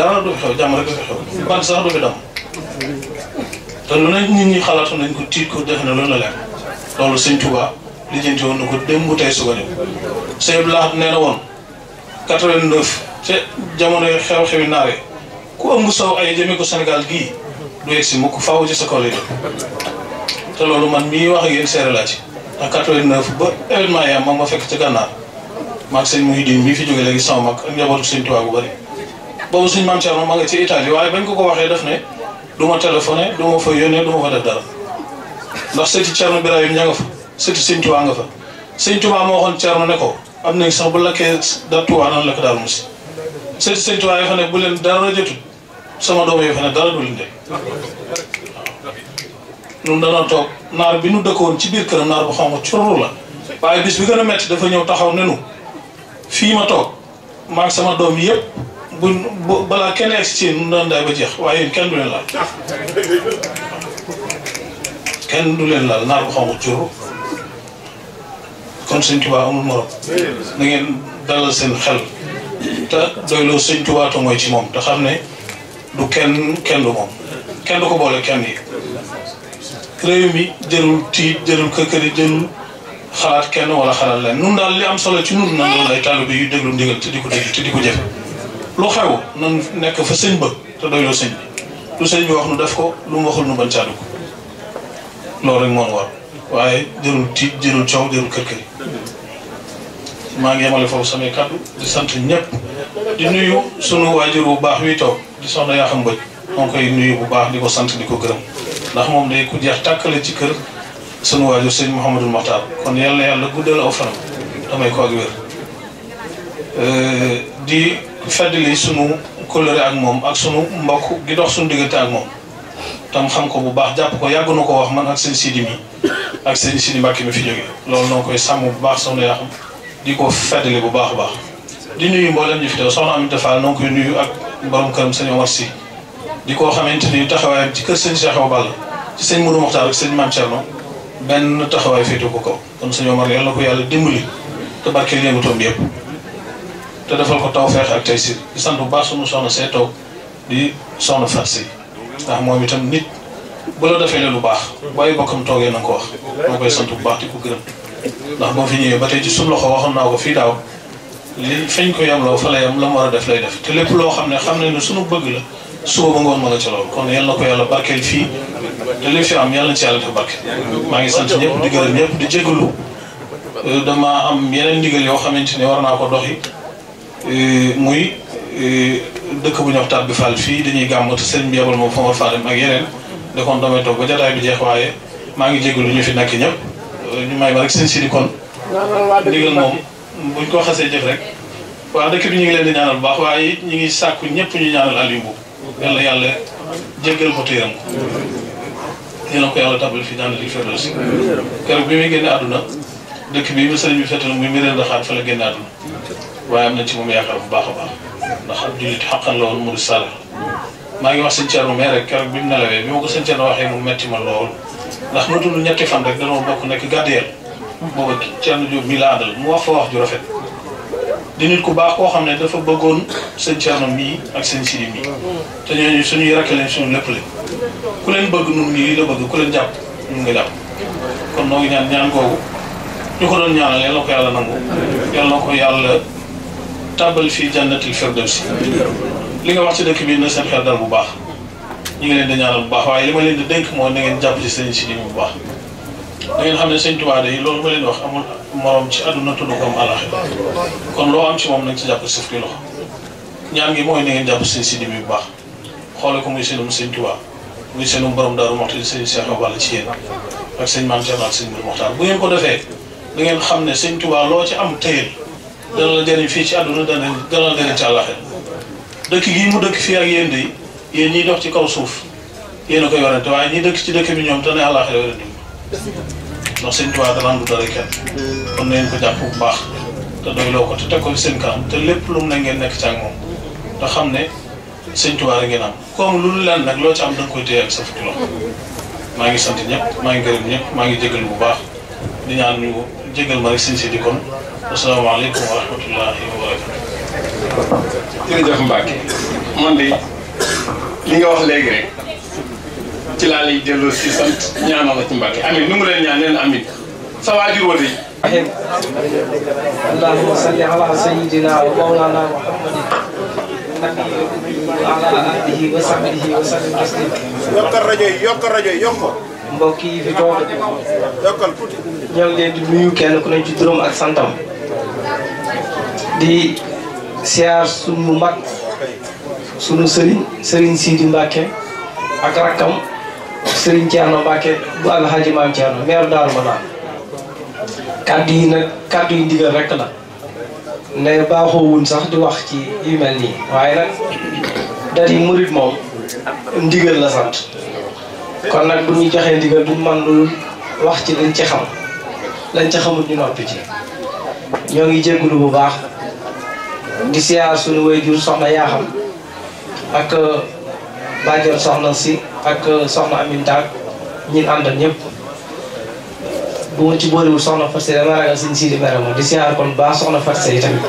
a fi ñi xalaatu nañ ko ko def na lu ne leen tey suba dem sëñ Abdou nee na woon 89 ca jamonoy xew-xewi naar ku ëmb saw ay jëmee ko Sénégal gii du yegg si mukk faaw ci sa kaw lay te loolu man mii wax a yéen seere laa ci ndax 89 ba événement yi am ma ma fekk ca gànnaar maag sëñ Mouhidine mii fi jóge léegi sama mag ak njabootu sëñ Tuubaa bu bëri boobu suñ maam Thierno ma nga ci Italie waaye bañ ko ko waxee def ne du ma téléphoné du ma fa yónnee du ma fa def dara ndax sëti Thierno Birahim ña nga fa sëti sëñ Tuubaa nga fa sëñ Tuubaa moo waxoon Thierno ne ko am nañ sax bu lakkee da Tuubaa nan la ko daal mos sëñ sëñ Tuubaa yoo xam bu leen dara jotul sama doom yoo xam ne dara du leen de waaw. ñun dana toog naar bi nu dëkkoon ci biir këram naar bu xaw ma curru la waaye bis bi gën a métti dafa ñëw taxaw nenu fii ma toog maag sama doom yëpp bu balaa kenn egg si nun daan daay ba jeex waaye yéen kenn du leen laal kenn du leen laal naar bu xaw curru kon sëñ Tuubaa amul morom na ngeen dalal seen xel te doyloo sëñ Tuubaa te mooy ci moom te xam ne du kenn kenn du moom kenn du ko boole kenn yi réew mi jërul tiit jërul këkkëri jërul xalaat kenn wala xalaat leen nun daal li am solo ci nun nan loolu ay taalibe yu déglu ndigal te di ko dégg te di ko jëfe lu xew nan nekk fa sëñ ba te doyloo sëñ bi lu sëñ bi wax nu def ko lu mu waxul nu bañ caa dugg loolu rek moo war waaye jërul tiit jërul coow jërul kër kër maa ngi yemale foofu samay kàddu di sant ñëpp di nuyu sunu waajur bu baax wi toog di soxna yaa xam bëj moo koy nuyu bu baax di ko sant di ko gërëm ndax moom day ku jeex tàkkale ci kër sunu waajur sëñ Mouhamadul Mokhtar kon yàlla yàlla guddal aw fanam damay ko ak wér di feddali sunu kóllëre ak moom ak sunu mbokk gi dox sunu diggante ak moom tam xam ko bu baax jàpp ko yàgg na ko wax man ak seen sidi mi ak seen sidi mbàkki mi fi jóge loolu noo koy sàmm bu baax soxna yaa di ko feddali bu baax a baax di nuyu mboolem ñu fi teew soxna Aminata Fall noo koy nuyu ak borom këram Si di ko xamante ni taxawaayam ci kër sëñ sëñ Mourou Mokhtar ak sëñ Mame Thierno benn taxawaay féetu ko ko yàlla dimbali te barkeel yëngutoom bi yëpp te ko tawfeex ak tey si di baax sunu soxna see toog di soxna Fatou ndax moom itam nit bu la defee ne lu baax bàyyi bokkam toogee na ko wax moo koy sant bu baax di ko gërëm ndax boo fi ñëwee ba tey ci suñ loxo waxoon naa ko fii daaw li fañ ko yemloo fa la yem la mu war a def lay def te lépp loo xam ne xam ne ne suñu bëgg la suba ba ngoon ma nga ca loolu kon yàlla na ko yàlla barkeel fii te li fi am yàlla na ci yàlla ko barke maa ngi sant ñëpp di gërëm ñëpp di jégalu dama am yeneen ndigal yoo xamante ne war naa ko doxi muy dëkk bu ñuy wax Tàbbi Fall fii dañuy gàmm te sëriñ bi yebal moom fa ma faa dem ak yeneen da kon damay toog ba jataay bi jeex waaye maa ngi jégalu ñu fi nekk ñëpp ñu may ba rek seen sidi kon ndigal moom buñ ko xasee jëf rek waa dëkk bi ñu ngi leen di ñaanal baax waaye ñu ngi sàkku ñëpp ñu ñaanal Aliou Mbow yàlla yàlla jéggal ko téyam ko yéen ko yàlla tabal fi ñaanal yi si keroog bi muy génne àdduna dëkk bii bi sëriñ bi fettal muy mireen daxaar fa la génn àdduna waaye am na ci mu yaakaar bu baax a baax ndax ab jullit xaqan la woon murid sala maa ngi wax sëñ Thierno mais rek keroog bi mu nelawee bi ma ko sëñ Thierno waxee mu metti ma lool ndax mu dund ñetti fan rek danoo bokk nekk gàddeel booba Thierno Diop mi la àndal mu wax fa ju rafet di nit baax koo xam ne dafa bëggoon sëñ Thierno mii ak sëñ Sidi yi te ñooñu suñuy rakk leen suñu lépp leen ku leen bëgg nun nii lii la bëgg ku leen jàpp nun nga jàpp kon noo ngi ñaan ñaan googu ñu ko doon ñaanal yal na ko yàlla nangu yal na ko yàlla tàbbal fii jannatil si li nga wax ci dëkk bii na seen xel bu baax ñu ngi leen di ñaanal bu baax waaye li ma leen di dénk mooy na ngeen jàpp ci seen si bu baax da ngeen xam ne sëñ Tuubaa yi loolu ma leen wax amul morom ci àdduna tudd ko kon loo am moom nañ ci jàpp suuf ki ñaan ngi mooy na ngeen jàpp sëñ si bu baax xoole ko muy seenum sëñ Tuubaa muy seenum borom daaru waxtu sëñ Cheikh Obal ci yéen ak sëñ Maam Cheikh ak sëñ Mokhtar bu ngeen ko defee da ngeen xam ne sëñ Tuubaa loo ci am tëyel dana la jëriñ fii ci àdduna dana dana la jëriñ ci àllaxe dëkk gii mu dëkk fii ak yéen de yéen ñiy dox ci kaw suuf yéen a koy warante waaye ñi dëkk ci dëkk bi ñoom dana àllaxe wala dim ndax sëñ Tuubaa dana du dara bu baax te doy loo ko te teg ko seen kanam te lépp lu mu ne ngeen nekk ci ak xam ne sëñ Tuubaa rek comme lu leen nag loo ci am da koy téye ak sa fukki loxo maa ngi sant ñëpp maa ngi gërëm ñëpp maa ngi jégalu bu baax di ñaan ñu jégal ma rek sëñ si di kon asalaamaaleykum wa rahmatullahi wa barakatu jërëjëf Mbacke man de li nga wax léegi rek ci laa lay delloo si sant ñaanal la ci Mbacke amin nu mu leen ñaan leen amin sa waajur wa dey allahumma salli ala sayyidina wa mawlana muhammadin nabiyyil ummi wa ala alihi wa sahbihi wa sallim taslima yokk rajo yi yokk rajo yi yokk mbokk yi fi toog ñoo ngi leen di nuyu kenn ku ne ci turam ak santam di siyaar sunu mag sunu sëriñ sëriñ Sidi Mbacke ak rakkam sëriñ Thierno Mbacke bu alhaji maam Thierno maire Darou Manane kàddu yi nag kàddu yi ndigal rek la ne baaxoo wuñ sax di wax ci yu mel nii waaye nag dat yi murit moom ndigal la sant kon nag bu ñu joxee ndigal duñ man lu wax ci lañ ci xam lañ ci xamul ñu noppi ci ñoo ngi jéggulu bu baax di siyaar suñu waajur soxna Yaaxam ak euh, bàjjoon soxna si ak euh, soxna Aminta ak ñi àndal ñëpp bu ma ci boolewul soxna Fatou dama ragal suñ sii di mere moom di siyaar kon baax soxna Fatou yi tamit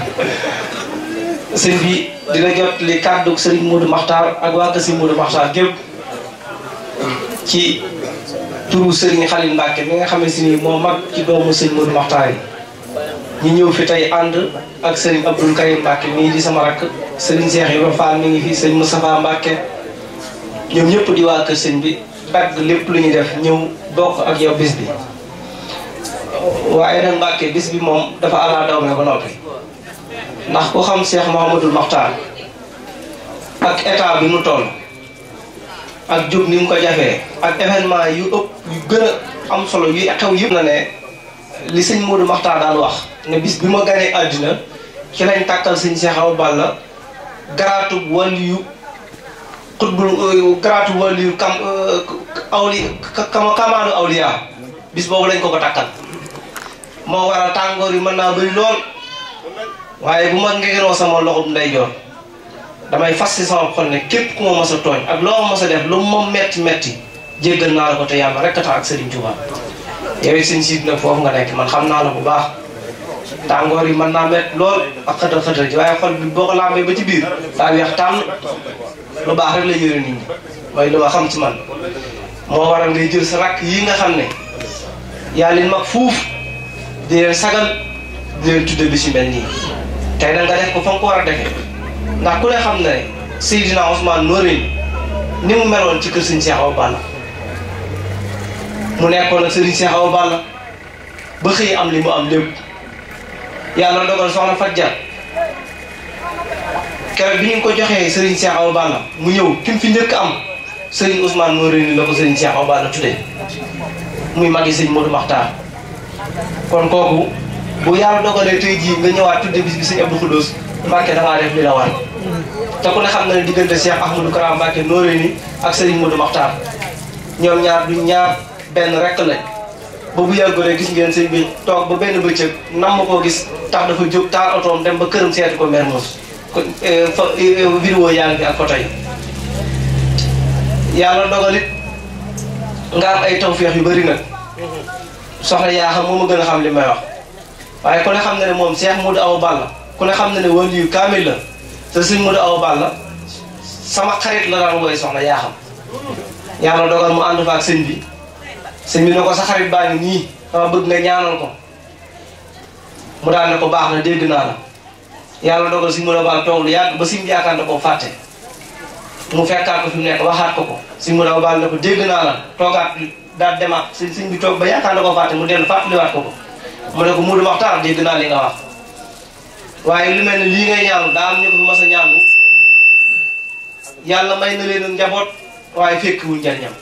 sëñ bi dina jot li kàddu Serigne Modou Makhtar ak waa Kër Serigne Modou Makhtar gépp ci turu Serigne Khalil Mbacke mi nga xamante ni moo mag ci doomu sëñ Modou Mokhtar yi ñu ñëw fi tey ànd ak Serigne Abdoul Karim Mbacke mii di sama rakk Serigne seex Ibrahima Fall mi ngi fi mu Moustapha Mbacke ñoom ñëpp di waa kër sëñ bi dagg lépp lu ñuy def ñëw bokk ak yow bis bi waaye nag Mbacke bis bi moom dafa ala dawme ba noppi ndax ku xam Cheikh Mouhamadoul Mokhtar ak état bi mu toll ak jub ni mu ko jafee ak événement yu ëpp yu gën a am solo yu xew yëpp na ne li sëñ Modou Maxtaar daan wax ne bis bi ma ganee àddina ci lañ tàkkal sëñ Cheikh Awa Balla garaatub waliyu xutbul euh, garaatub waliyu kam euh, awli kamaanu awliya bis boobu lañ ko ko takkal moo waral tàngoor yi mën naa bëri lool waaye bu ma ngegenoo sama loxum ndeyjoor damay fas si sama xol ne képp ku ma mos a tooñ ak loo ma sa def lu ma metti metti jéggal na la ko te yalla rek ta ak Serigne Touba yow it seen na nag nga nek man xamna la bu baax tàngoor yi mën naa mett lool ak xata xata ji waaye xol bi boko ko ba ci biir da weex tam lu baax rek la ñëwee nit ñi mooy lu ma xam ci man mo waral ngay jël sa rak yi nga xam ne yaa leen mag fuuf di leen sagal di leen tudde bi ci melni tay na nga def ko fa ko wara a ndax ku ne xam ne ne Seydina Ousmane Noreyni ni mu meloon ci kër Serigne Cheikh Awa Balla mu nekkoon ak Serigne Cheikh Awa Balla ba xëy am li mu am lépp yàlla dogal soxna Fajjar keroog bi ñu ko joxee Serigne Cheikh Awa Balla mu ñëw ki fi njëkk am Serigne Ousmane Noreyni la ko Serigne Cheikh Awa Balla tuddee muy magi Serigne Modou Makhtar kon kooku bu yàlla dogalee tey jii nga ñëwaat tudde bi Serigne Abdou Khoudoss Mbacke damaa def li la war ta ku ne xam na digënde Cheikh Ahmadou Kara Mbacke ni ak Serigne Modou Makhtar ñom ñaar du ñaar ben rek la bu bu yàggoo rek gis ngeen serigne bi toog ba benn bëccëg nam ko gis tax dafa juk taal auto dem ba kërëm seeti ko Mermoz e, fa e, e, vidéo ak ku ne xam na ne wàllu yu kaamil la te suñ mu aw bal la sama xarit la daan wooy soxna yaa xam yàlla dogal mu ànd fa ak bi sëñ bi ne ko sa xarit baa ngi nii dama bëgg nga ñaanal ko mu daan ne ko dégg naa la yàlla dogal suñ mu aw bal toog ba suñ bi yaakaar ne ko fàtte mu fekkaat ko fi mu nekk waxaat ko ko suñ mu aw bal ne ko naa la toogaat daal demaat suñ bi toog ba yaakaar ne mu dellu fàttaliwaat ko ko mu ne dégg naa li nga wax waaye lu mel ne lii nga ñaanu daa am ñu ma fi mas yàlla may na leen njaboot waaye fekkiwul njariñam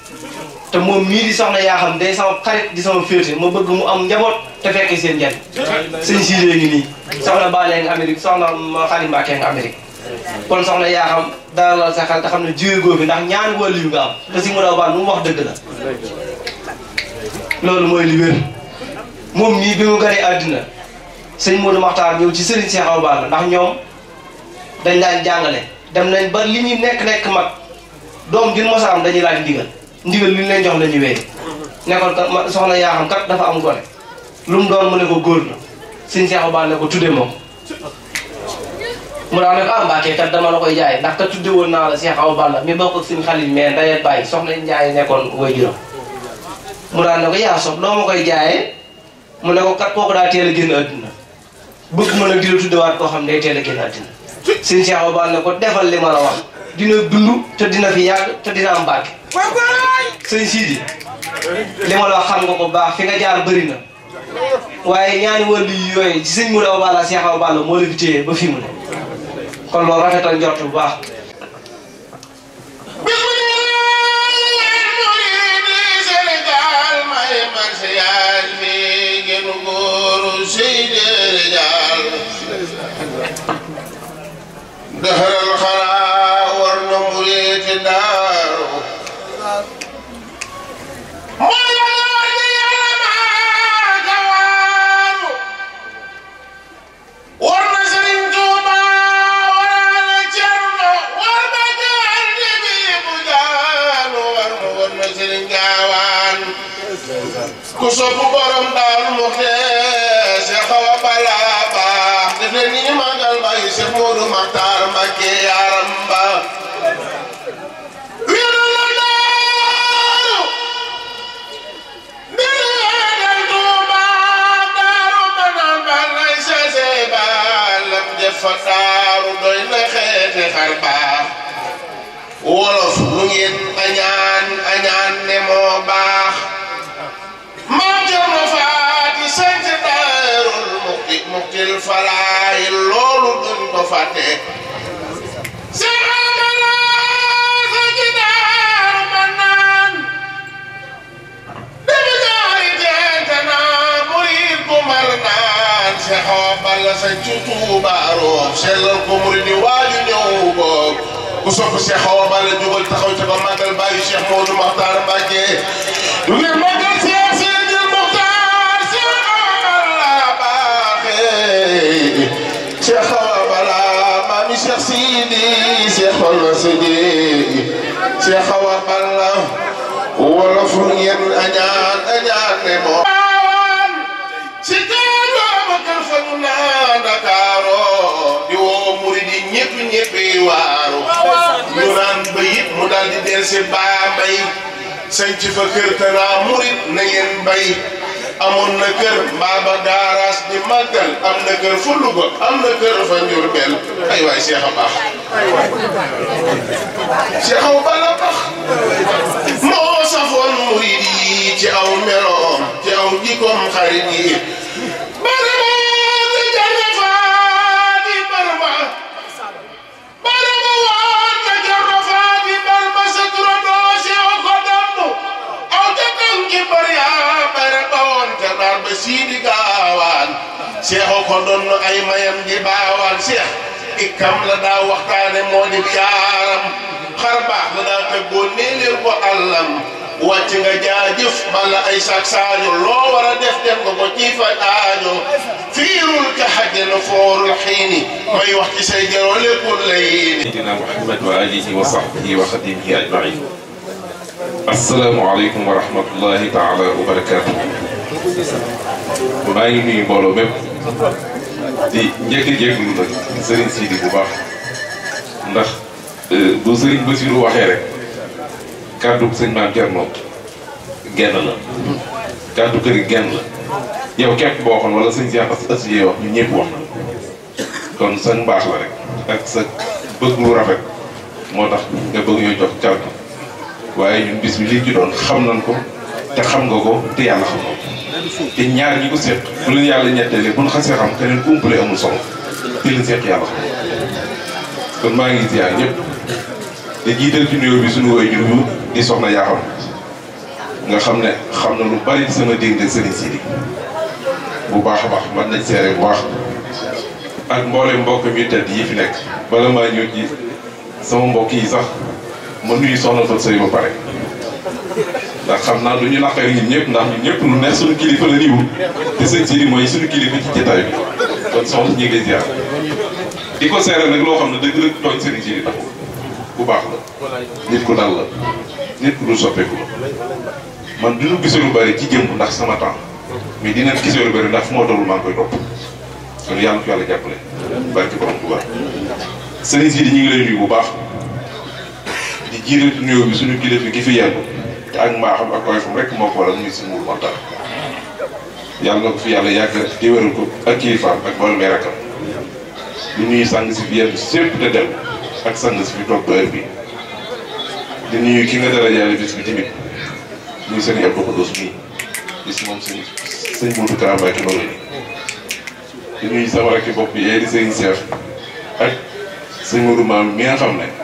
te moom mii di soxna yaa xam day sama xarit di sama féete ma bëgg mu am njaboot te fekki seen njariñ sëñ siidee ngi nii soxna baalee nga Amérique soxna xarit Mbàkke nga Amérique kon yaa xam dalal sa xel te xam ne jiwee góor bi ndax ñaan wàll yu nga am te si mu daw baan wax dëgg la loolu mooy li wér moom nii bi mu gane àddina sëñ Modou Maxtaar ñëw ci sëriñ Cheikh Awa ndax ñoom dañ daan jàngale dem nañ ba li ñuy nekk nekk mag doom jun a am dañuy laaj ndigal ndigal li ñu leen jox la ñuy wéy nekkoon kat soxna yaa xam kat dafa am gone lu mu doon mu ne ko góor la sëñ Cheikh Awa ko tuddee moom mu daal ne ko ah Mbacke kat dama la koy jaay ndax kat tudde woon naa la Cheikh Awa Balla mi bokk mais ndayet bàyyi soxna Ndiaye nekkoon way juróom mu daal ne ko yaa sob koy jaayee mu ne ko kat kooku daa génn adduna bëgg ma nag di la tuddewaat koo xam day teel a génn àddina sëñ Cheikh Obal ne ko defal li ma la wax dina dund te dina fi yàgg te dina am barke sëñ Sidi li ma la wax xam nga ko baax fi nga jaar bëri na waaye ñaani wàllu yooyu ci sëñ Mourou Obal Cheikh Obal moo la fi ba fi mu ne kon loolu rafetal njort bu baax Seydou الرجال دهر الخلا والنمريت دار ku sopp borom daal mu xees xawa balaa magal ba yi Cheikh Modou Makhtar Mbacké yaram ba fa daaru doy na xeeti xar baax wolof lu ngeen añaan añaan ne moo baax maa jëm na faati sant lil falaayi loolu duñ ko fàtte xoo balla sañ ci tuubaaroom sellal ko muri di waaju ñëw boog ku sopp Cheikh xoo balla jógal taxaw ca ko màggal bàyyi Cheikh Modou Makhtar Mbacké du ngeen màggal lii Cheikh Fallou sa jéegi Cheikh Awa Balla wolof ngeen añaan añaan ne moo waawaan si teeru Abakar fa nu naa Ndakaaroo di woo murid yi ñëpp ñëpp waaru mu daal di si baa bay ci fa kër tanaa murid na ngeen bay amoon na kër mbaaba daaraas di màggal am na kër fu am na kër fa Njurbel ay waay Cheikh a baax Cheikh aw bala baax moo safoon murid yi ci aw meloom ci aw jikkoom xarit yi Everybody mooy siidi gaawaan seexu ko doon ay mayam di baawaan seex ikkam la daa waxtaane moo di jaaram xar baax la daa tëggoon néeléer ko àllam wàcc nga jaajëf bala ay saak saañu loo def def ko ci faj aañu fiirul ka xajal foorul xiini may wax ci say jaroo léppul layini dina muhammad wa alihi wa sahbihi wa xadimihi ajmain assalaamu aleykum wa rahmatullahi taala wa barakaatuh maa ngi nuyu mbooloo mépp di njëkk jéeglu nag sëriñ Sidi bu baax ndax euh, bu sëriñ Basiru waxee rek kàddu sëñ maam Cerno genn la kàddu kër genn la yow képp boo waxoon wala sëñ Cheikh as asiyee wax ñu ñëpp wax na kon sa mbaax la rek ak sa bëgg lu rafet moo tax nga bëgg ñoo jox càddu waaye ñun bis bi liñ doon xam nañ ko te xam nga ko te yàlla xam ko te ñaar ñi ko séq bu leen yàlla ñettali bu ñu xasee xam keneen ku umpale amul solo te leen séq yàlla xam maa ngi ziar ñëpp te jiital di soxna yaa nga xam ne xam na lu bari sama dégg de sëriñ Sidi bu baax a baax man nañ seere waax baax ak mboolem mbokk mi tedd yi fi nekk bala maa ñëw ci sama mbokk yi sax ma nuyu soxna Fatou Seye ba pare. ndax xam naa lu ñu naqari ñun ñëpp ndax ñun ñëpp lu neex suñu kilifa la niwu te sëñ Sidi mooy suñu kilifa ci jotaay bi kon soxna ñu ngi ziar di ko seere nag loo xam ne dëgg dëgg tooñ sëriñ Sidi taxul bu baax la nit ku dal la nit ku dul soppeeku la man duñu gisee lu bëri ci jëmm ndax sama temps mais dinañ gisee lu bëri ndax fu ma tollu maa ngi koy topp kon yàlla ko yàlla jàppale barki borom bu baax sëriñ Sidi ñu ngi lay nuyu bu baax jiireetu nuyoo bi suñu kilifa gi fi yàgg te ak mbaaxam ak woyofam rek moo ko waral muy sëñ Mourou Mokhtar yàlla na ko fi yàlla yàggal di wéral ko ak kilifaam ak boole may rakkam ak sang si fi toog ba di ki nga dara jaale bis bi tamit muy sëñ Abdou Khoudoss sama rakki bopp yi di sëñ Cheikh ak sëñ Mourou maam mi nga xam ne.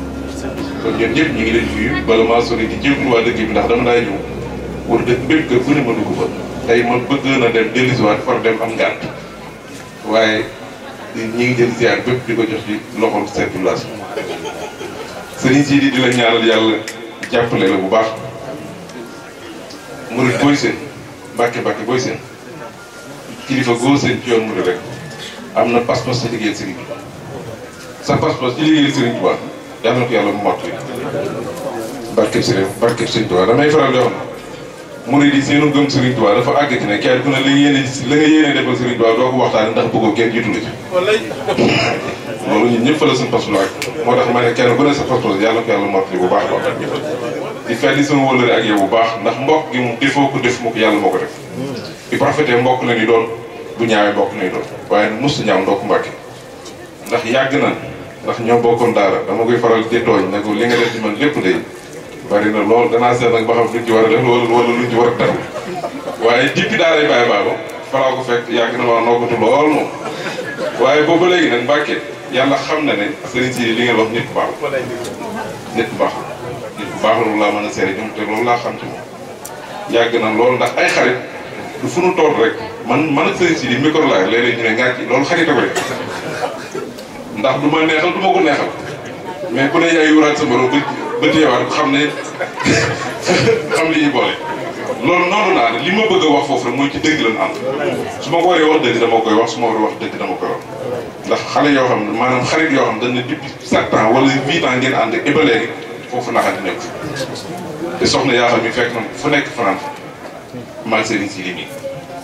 kon ñun ñëpp ñu ngi leen fii bala maa sori di jéglu waa dëkk bi ndax dama daa ñëw wër dëkk bépp kër bu ne ma dugg fa tey man bëgg na dem dellusiwaat far dem am ngànt waaye ñu ngi jël ziar bépp di si di di la la bu baax murit booy seen mbàkke mbàkke booy seen kilifa na pas-pas ci sa pas ci liggéeyal sëriñ bu baax yàlla na ko yàlla mu mott yi barkeb sëriñ barkeb sëriñ Tuubaa damay faral di wax mu ne di seenu gëm sëriñ Tuubaa dafa àgg ci ne kenn ku ne li yéene la nga yéene defal sëriñ Tuubaa doo ko waxtaane ndax bëggoo kenn jiitu la ci loolu ñun ñëpp fa la suñu pas-pas ak moo tax ma ne kenn ku ne sa pas-pas yàlla na ko yàlla mott yi bu baax baax di fàttali sama wëllëre ak yow bu baax ndax mbokk gi mu defoo ko def mu ko yàlla moo ko def di parfaité mbokk la ni doon bu ñaawee mbokk lay doon waaye mos ñaaw ndokk mbàkke ndax yàgg na ndax ñoo bokkoon daara dama koy faral di tooñ ne ko li nga def ci man lépp day bari na lool danaa seet nag ba xam luñ ci a def wala wala luñ ci war waaye jippi daaray Baye Baba yàgg na maa noggatu lool léegi nag Mbàkke xam na ne sëriñ li ngeen wax nit ku baax nit ku loolu laa mën a seere ñoom xam ci moom yàgg na lool ndax ay xarit du fu nu rek man man ak sëriñ si di micro ñu ne ngàcc loolu xarit a ko ndax du ma neexal du ma ko neexal mais ku ne yaay wuraat sa morom ba ba xam ne boole. noonu naa ne li ma bëgg a wax foofu rek mooy ci dëgg lañ su ma ko waree wax dëgg dama koy wax su ma waree wax dëgg dama koy yoo xam ne maanaam xarit yoo xam ne dañ ne wala huit ans ngeen ànd ak foofu naxante nekk te soxna yaa xam ne fekk na fu nekk France maa ngi si limi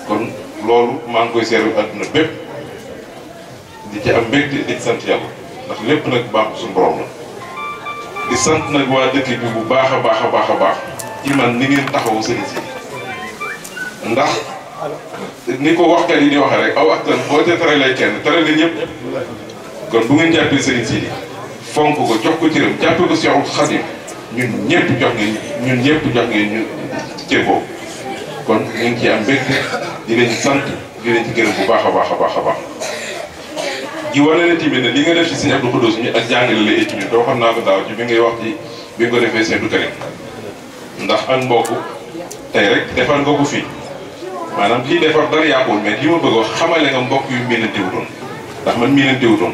kon loolu maa ngi koy seeru adduna bépp. di ci am mbégte di ci sant yàlla ndax lépp nag baaxu suñu borom la di sant nag waa dëkk bi bu baax a baax a baax a baax ci man ni ngeen taxawu sëriñ si ndax ni ko waxkat yi di waxee rek aw aktan boo ca teralee kenn terale ñëpp kon bu ngeen jàppee sëriñ si fonk ko jox ko cëram jàppe ko Seexul Xadim ñun ñëpp jox ngeen ñun ñëpp jox ngeen ñu cër boobu kon ñu ngi am mbégte di leen sant di ci gërëm bu baax a baax a baax a baax di wane ne tamit ne li nga def ci sëñ Abdou Khoudous mi ak jàngale la et tamit doo xam naa ko daaw ci bi ngay wax ci bi nga ko defee sëñ Abdou Karim ndax an mbokk tey rek defar nga ko fii maanaam lii defar dara yàquwul mais li ma bëgg wax xamale nga mbokk yu miinante wutoon ndax man miinante wutoon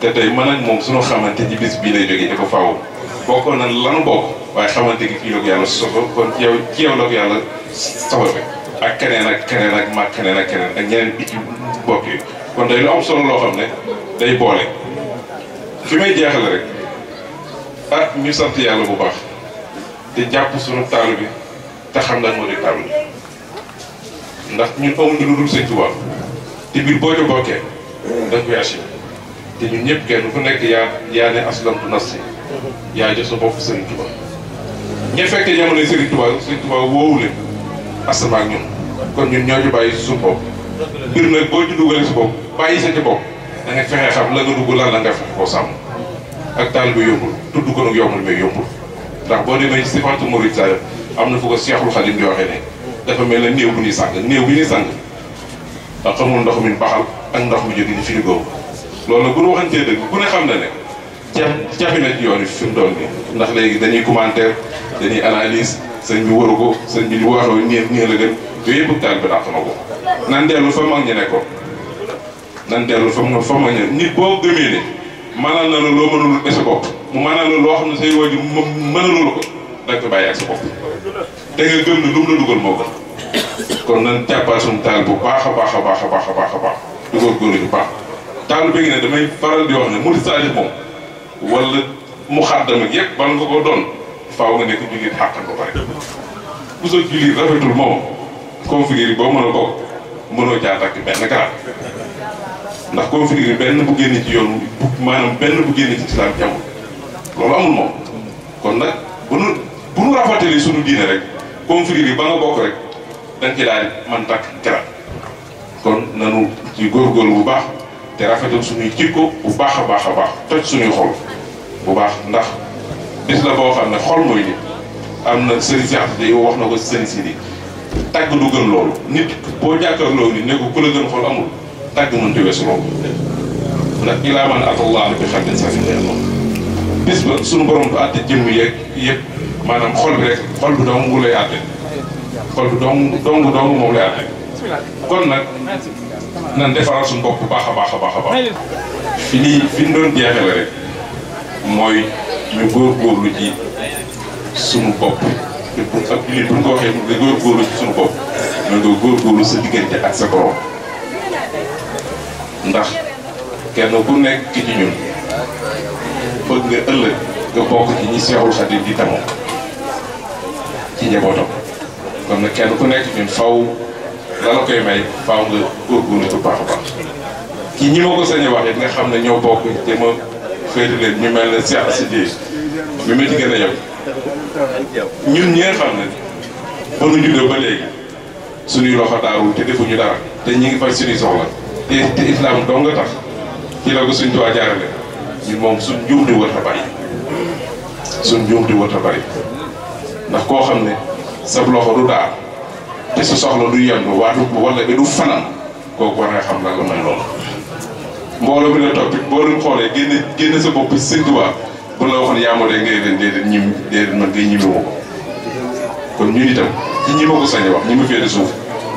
te tey man ak moom suñu xamante ci bis bii lay jógee dafa faaw bokkoon na lanu bokk waaye xamante gi fii la ko yàlla soxla kon ci yow la ko yàlla soxla ak keneen ak keneen ak mag ak keneen yi kon day lu am solo loo xam ne day boole fi may jeexale rek ah ñu sant yàlla bu baax di jàpp sunu taal bi te xam nga moo di taal bi ndax ñun amuñu lu dul sëñ Tuubaa te biir boo ci bokkee da koy assuré te ñun ñëpp kenn ku nekk yaa yaa ne aslamtu nafsi yaa jox sa bopp sëriñ Tuubaa ña fekkee jamono sëriñ Tuubaa sëriñ Tuubaa woowu leen asamaan ñun kon ñu ñoo ci bàyyi suñu bopp mbir nag boo ci dugalee sa bopp. bàyyi sa ci bopp da nga fexe xam la nga dugg lan la nga fexe koo sàmm ak taal bi yombul tudd ko nag yombul mais yombul ndax boo demee ci sifatu murid sa am na fu ko Seexul Xadim di waxee ne dafa mel ne néew bu ñuy sàng néew bi ñuy sàng ndax xamul ndox mi baxal ak ndox mi jóge ni loolu nag bu ñu ku ne xam na ne ca jafe na yoon yi fi mu doon ndax léegi dañuy commentaire dañuy analyse sëñ bi waru ko sëñ bi li waxee ñeent ñeent la gën yooyu yëpp taal bi dàq na ko nan dellu fa mag ñi nekkoon nan dellu fa mu fa mu ñëw nit boo gëmee ne maanaam na la loo mënul ko sa bopp mu maanaam la loo xam ne say waajur mënaloo la ko danga ko bàyyi ak sa bopp da nga gëm ne lu mu la dugal moo gën kon nan jàppal suñu taal bu baax a baax a baax a baax a baax a baax di góorgóorlu bu baax taal bi ngi ne damay faral di wax ne murid saalih moom wala mu xàddam ak yëpp bal nga ko doon faaw nga nekk jullit xàqan ba pare bu soo jullit rafetul moom configure yi boo mën a bokk mënoo jaar takk benn garab ndax confrérie benn bu génn ci yoon bu maanam benn bu génn ci islam ci amul loolu amul moom kon nag bu nu bu nu rafetali suñu diine rek confrérie ba nga bokk rek da ci daal man takk garab kon nanu ci góorgóorlu bu baax te rafetal suñuy jikko bu baax a baax a baax toj suñuy xol bu baax ndax bis la boo xam ne xol mooy nit am na sëriñ si àtt wax na ko sëriñ si di tàgg du gën loolu nit koo jàkkaarloo ni ne ko ku la gën xol amul tàgg mënut a weesu loolu ndax ilaa man atallaaha bi qalbin saliim lay amoon bis ba suñu borom du àtte jëmm yeeg yëpp maanaam xol bi rek xol bi dong wu lay àtte xol bi dong dong dong moom lay àtte kon nag nan defaral suñu bopp bu baax a baax a baax a baax fi nii fi ñu doon jeexale rek mooy ñu góorgóorlu ci suñu bopp te bu ñu ko waxee mu ngi ci suñu bopp mu ngi góorgóorlu sa diggante ak sa borom. ndax kenn ku nekk ci ñun bëgg nga ëllëg nga bokk ci ñi Seexul Xadiim di tamoo ci njabootam kon nag kenn ku nekk ci ñun faw la la koy may faaw nga góorgóorlu bu baax a baax ci ñi ma ko sañ a wax it nga xam ne ñoo bokk te ma féete leen ñu mel ne Seex Sidi mi ma ci gën a yow ñun ñi nga xam ne ba nu juddoo ba léegi suñuy loxo daarul te defuñu dara te ñi ngi faj suñuy soxla te te islam dong nga tax ci la ko suñ tuwaa jaarale ñun moom suñ njuum di war a bari suñ njuum di war a bari ndax koo xam ne sa loxo du daal te su soxla du yenn waatu wala bi du fanaan kooku war nga xam la la may loolu mbooloo bi la topp it boo doon xoolee génne génne sa bopp sëñ tuwaa bu la waxoon yaa moo dee ngay leen déedéet ñim déedéet man ngay ñime ma ko kon ñun itam ci ñi ma ko sañ a wax ñi ma féete suuf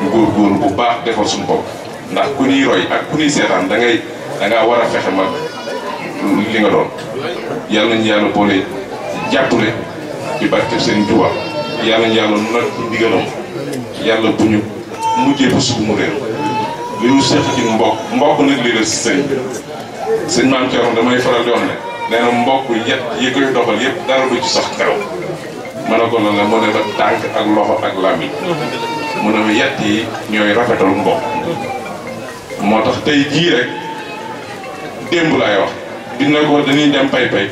ñu góor góor bu baax defar suñu bopp ndax kuni roy ak kuni ñuy da ngay da ngaa war a ma li nga doon yàlla nañu yàlla boole jàppale ci barke Serigne di yàlla nañu yàlla nag ci ndigalam yàlla bu ñu mujjee ba mu réer li ñu seq ci mbokk mbokk nag la sëñ sëñ maam Thierno damay faral di wax ne nee na mbokk yet yi koy doxal yëpp dara du ci sax karaw ma ne la mu ne ma ak loxo ak mu moo tax tey jii rek démb laay wax dina ko dañuy dem pay pay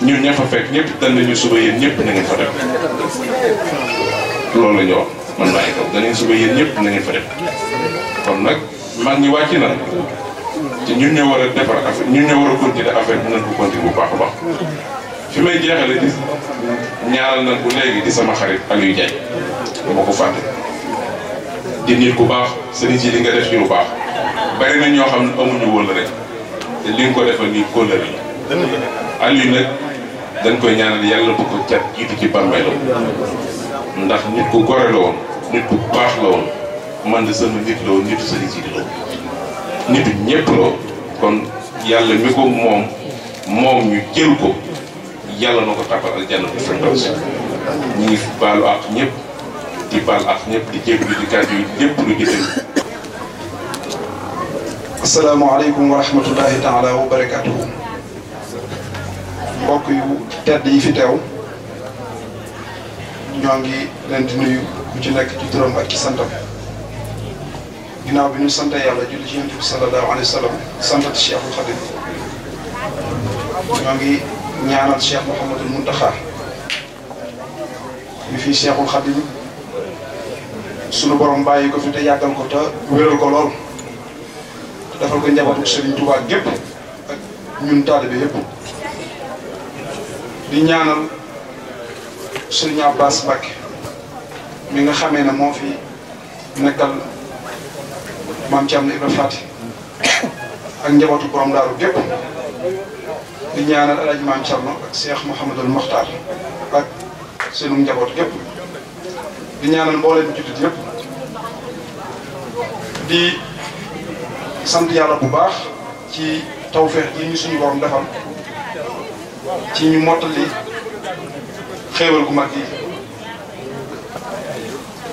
ñun ña fa fekk ñëpp dana ñu suba yéen ñëpp na ngeen fa dem loolu la ñu wax man maa ngi kaw danañ suba yéen ñëpp na fa dem kon nag mag ñi wàcc na te ñu ñoo war a defar affaire ñun ñoo war a continuer affaire bi nañ ko continuer bu baax a baax fi may jeexale di ñaaral nañ bu léegi di sama xarit Aliou Diagne dama ko fàtte di nit ku baax sëriñ si li nga def ci baax. bari na ñoo xam ne amuñu wóllëre te li nga ko defal nii kóllëre yi. Aliou dañ koy ñaanal yàlla bu ko cat jiitu ci bàmmeelam ndax nit ku gore la woon nit ku baax la woon man de sama nit la woon nitu sëriñ la woon kon yàlla mi ko moom moom ñu jël ko yàlla na ko tàbbal aljanna bu firdaws ñu ngi baalu ak ñëpp di baal ak ñëpp di jéglu di kàddu yi lépp lu jëfee السلام عليكم ورحمة الله تعالى وبركاته. بقي تدي في تاو. نعجي لندنيو بجناك تدرم باكستان. جناب بنو سانتا يا رجل جيم تبي صلى الله عليه وسلم سانتا الشيخ الخديم. نعجي نعنا الشيخ محمد المنتخب. بفي الشيخ الخديم. سنو برام بايو كفتة يا دم كتر ويل كولور. defal ko njabootu Sëriñ Tuubaa gépp ak ñun taalibe yëpp di ñaanal Sëriñ Abbas Mbacke mi nga xamee na moo fi nekkal maam Thierno Ibrahima Fati ak njabootu borom daaru gépp di ñaanal El Hadj Maam Thierno ak Cheikh Mouhamadul Mokhtar ak seenu njaboot gépp di ñaanal mbooleem jullit yëpp di. sant yàlla bu baax ci tawfeex ji ñu suñu borom defal ci ñu mottali xéewal gu mag yi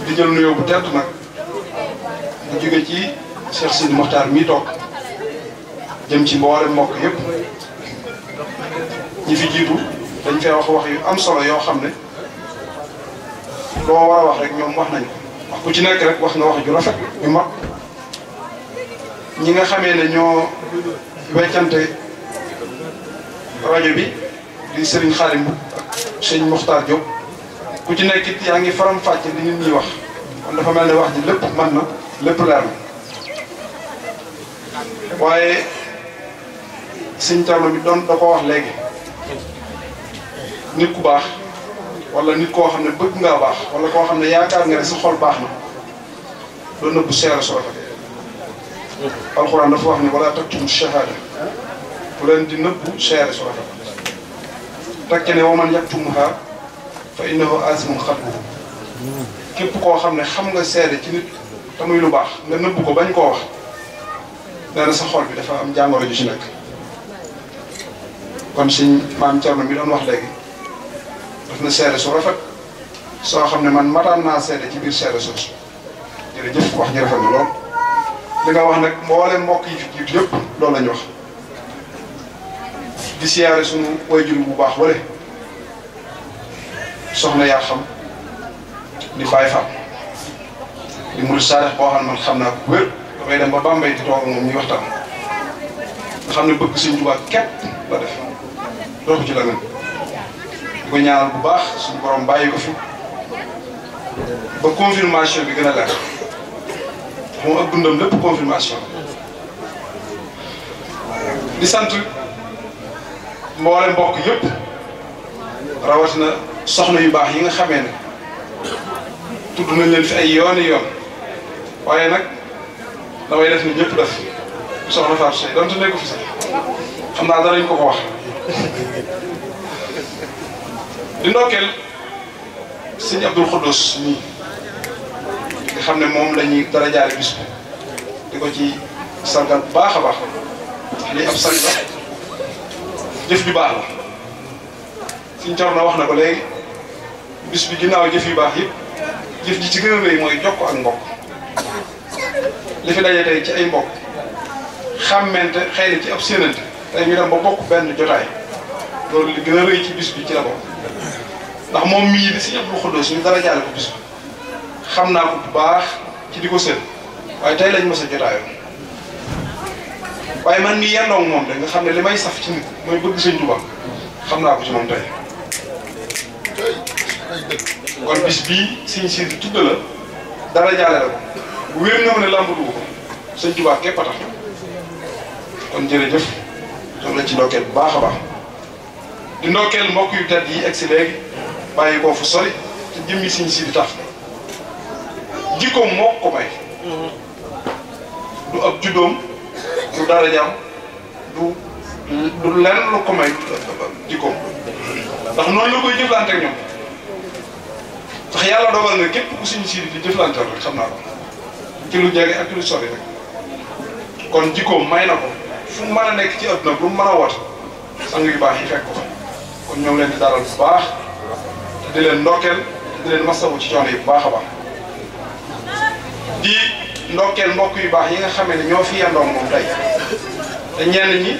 di jël nuyoo bu tedd nag bu jóge ci Cheikh Sidi Mokhtar mii toog jëm ci mboolem mbokk yëpp ñi fi jiitu dañ fee wax wax yu am solo yoo xam ne loo war a wax rek ñoom wax nañ wax ku ci nekk rek wax nga wax ju rafet yu mag ñi nga xamee ne ñoo weccante rajo bi di sëriñ Xarim ak sëñ Muxtaar Diop ku ci nekk it yaa ngi faram fàcce di nit ñi wax dafa mel ne wax ji lépp man na lépp leer na waaye sëñ Thierno bi doon da ko wax léegi nit ku baax wala nit koo xam ne bëgg ngaa baax wala koo xam ne yaakaar nga ne si xool baax na doon nëbbu seera soo القران دا فوخني ولا تكتم الشهاده فلان دي نوب شهاده سوره تكني ومن يكتمها فانه اثم خلقه كيب كو خامني خمغا سيري تي نيت تاموي لو باخ نغا نوب كو باني كو واخ دا لك سا خول بي دا فا ام جانغورو جي سي نك كون سي مام تيرنا مي دون واخ ليغي دا فنا سيري سو رافات سو خامني مان ماتان نا سيري تي بير سيري سو جيرجيف واخ جيرفال لول danga wax nag mboolem mbokk yi fi yëpp loolu la ñu wax di siyaare sunu wayjur bu baax wale soxna yaa xam di bàyyi fa di murid saadax boo xam man xam naa ko wér dafay dem ba Bambey di toog moom ñuy waxtaan nga xam ne bëgg Sëñ Tuubaa képp la def doxu ci la ngeen di ko ñaanal bu baax suñ borom bàyyi ko fi ba confirmation bi gën a leer moom ak dundam lépp confirmation di sant mboole mbokk yëpp rawatina soxna yu baax yi nga xamee ne tudd nañ leen fi ay yooni yoon waaye nag damay def ni ñëpp def soxna Fatou Seye donte nekk fi sax xam naa darañ ko ko wax di ndokkeel sëñ Abdul Khoudous ñii nga xam ne moom la ñuy dara jaare bis bi di ko ci sargal baax a baax ndax ab sang la jëf ju baax la suñ car na wax na ko léegi bis bi ginnaaw jëf yu baax yëpp jëf ji ci gën a rëy mooy jokk ak mbokk li fi daje ci ay mbokk xàmmente xëy na ci ab séenante tey ñu dem ba bokk benn jotaay loolu li gën a rëy ci bis bi ci la bokk ndax moom mii di si ñëpp lu xuddoo suñu dara jaare ko bis bi xam naa ko bu baax ci di ko seen waaye tey lañ mës a jotaayoo waaye man mii yendoo moom da nga xam ne li may saf ci nit mooy bëgg sëñ Tuubaa xam naa ko ci moom tey kon bis bii sëñ si tudd la dara jaale la ko wér nga a tax kon jërëjëf ñoom lañ ci ndokkeel bu baax a baax di ndokkeel mbokk yu tedd yi egg si léegi bàyyi koo fu sori te jëmmi sëñ si di tax jikkoom moo ko may du ak juddoom du darajam du du lenn lu ko may jikkoom ndax noonu la koy jëflante ak ñoom ndax yàlla dogal na képp ku suñu siidi di jëflante rek xam naa ko ci jege ak ci lu rek kon jikkoom may na ko fu mu mën a nekk ci adduna bu mu mën a wat sang yu baax yi fekk ko kon ñoom leen di dalal baax di leen ndokkeel di leen masawu ci coono yi bu baax a baax di ndokkeel mbokk yu baax yi nga xame ne ñoo fi yandoon moom tey te ñenn ñi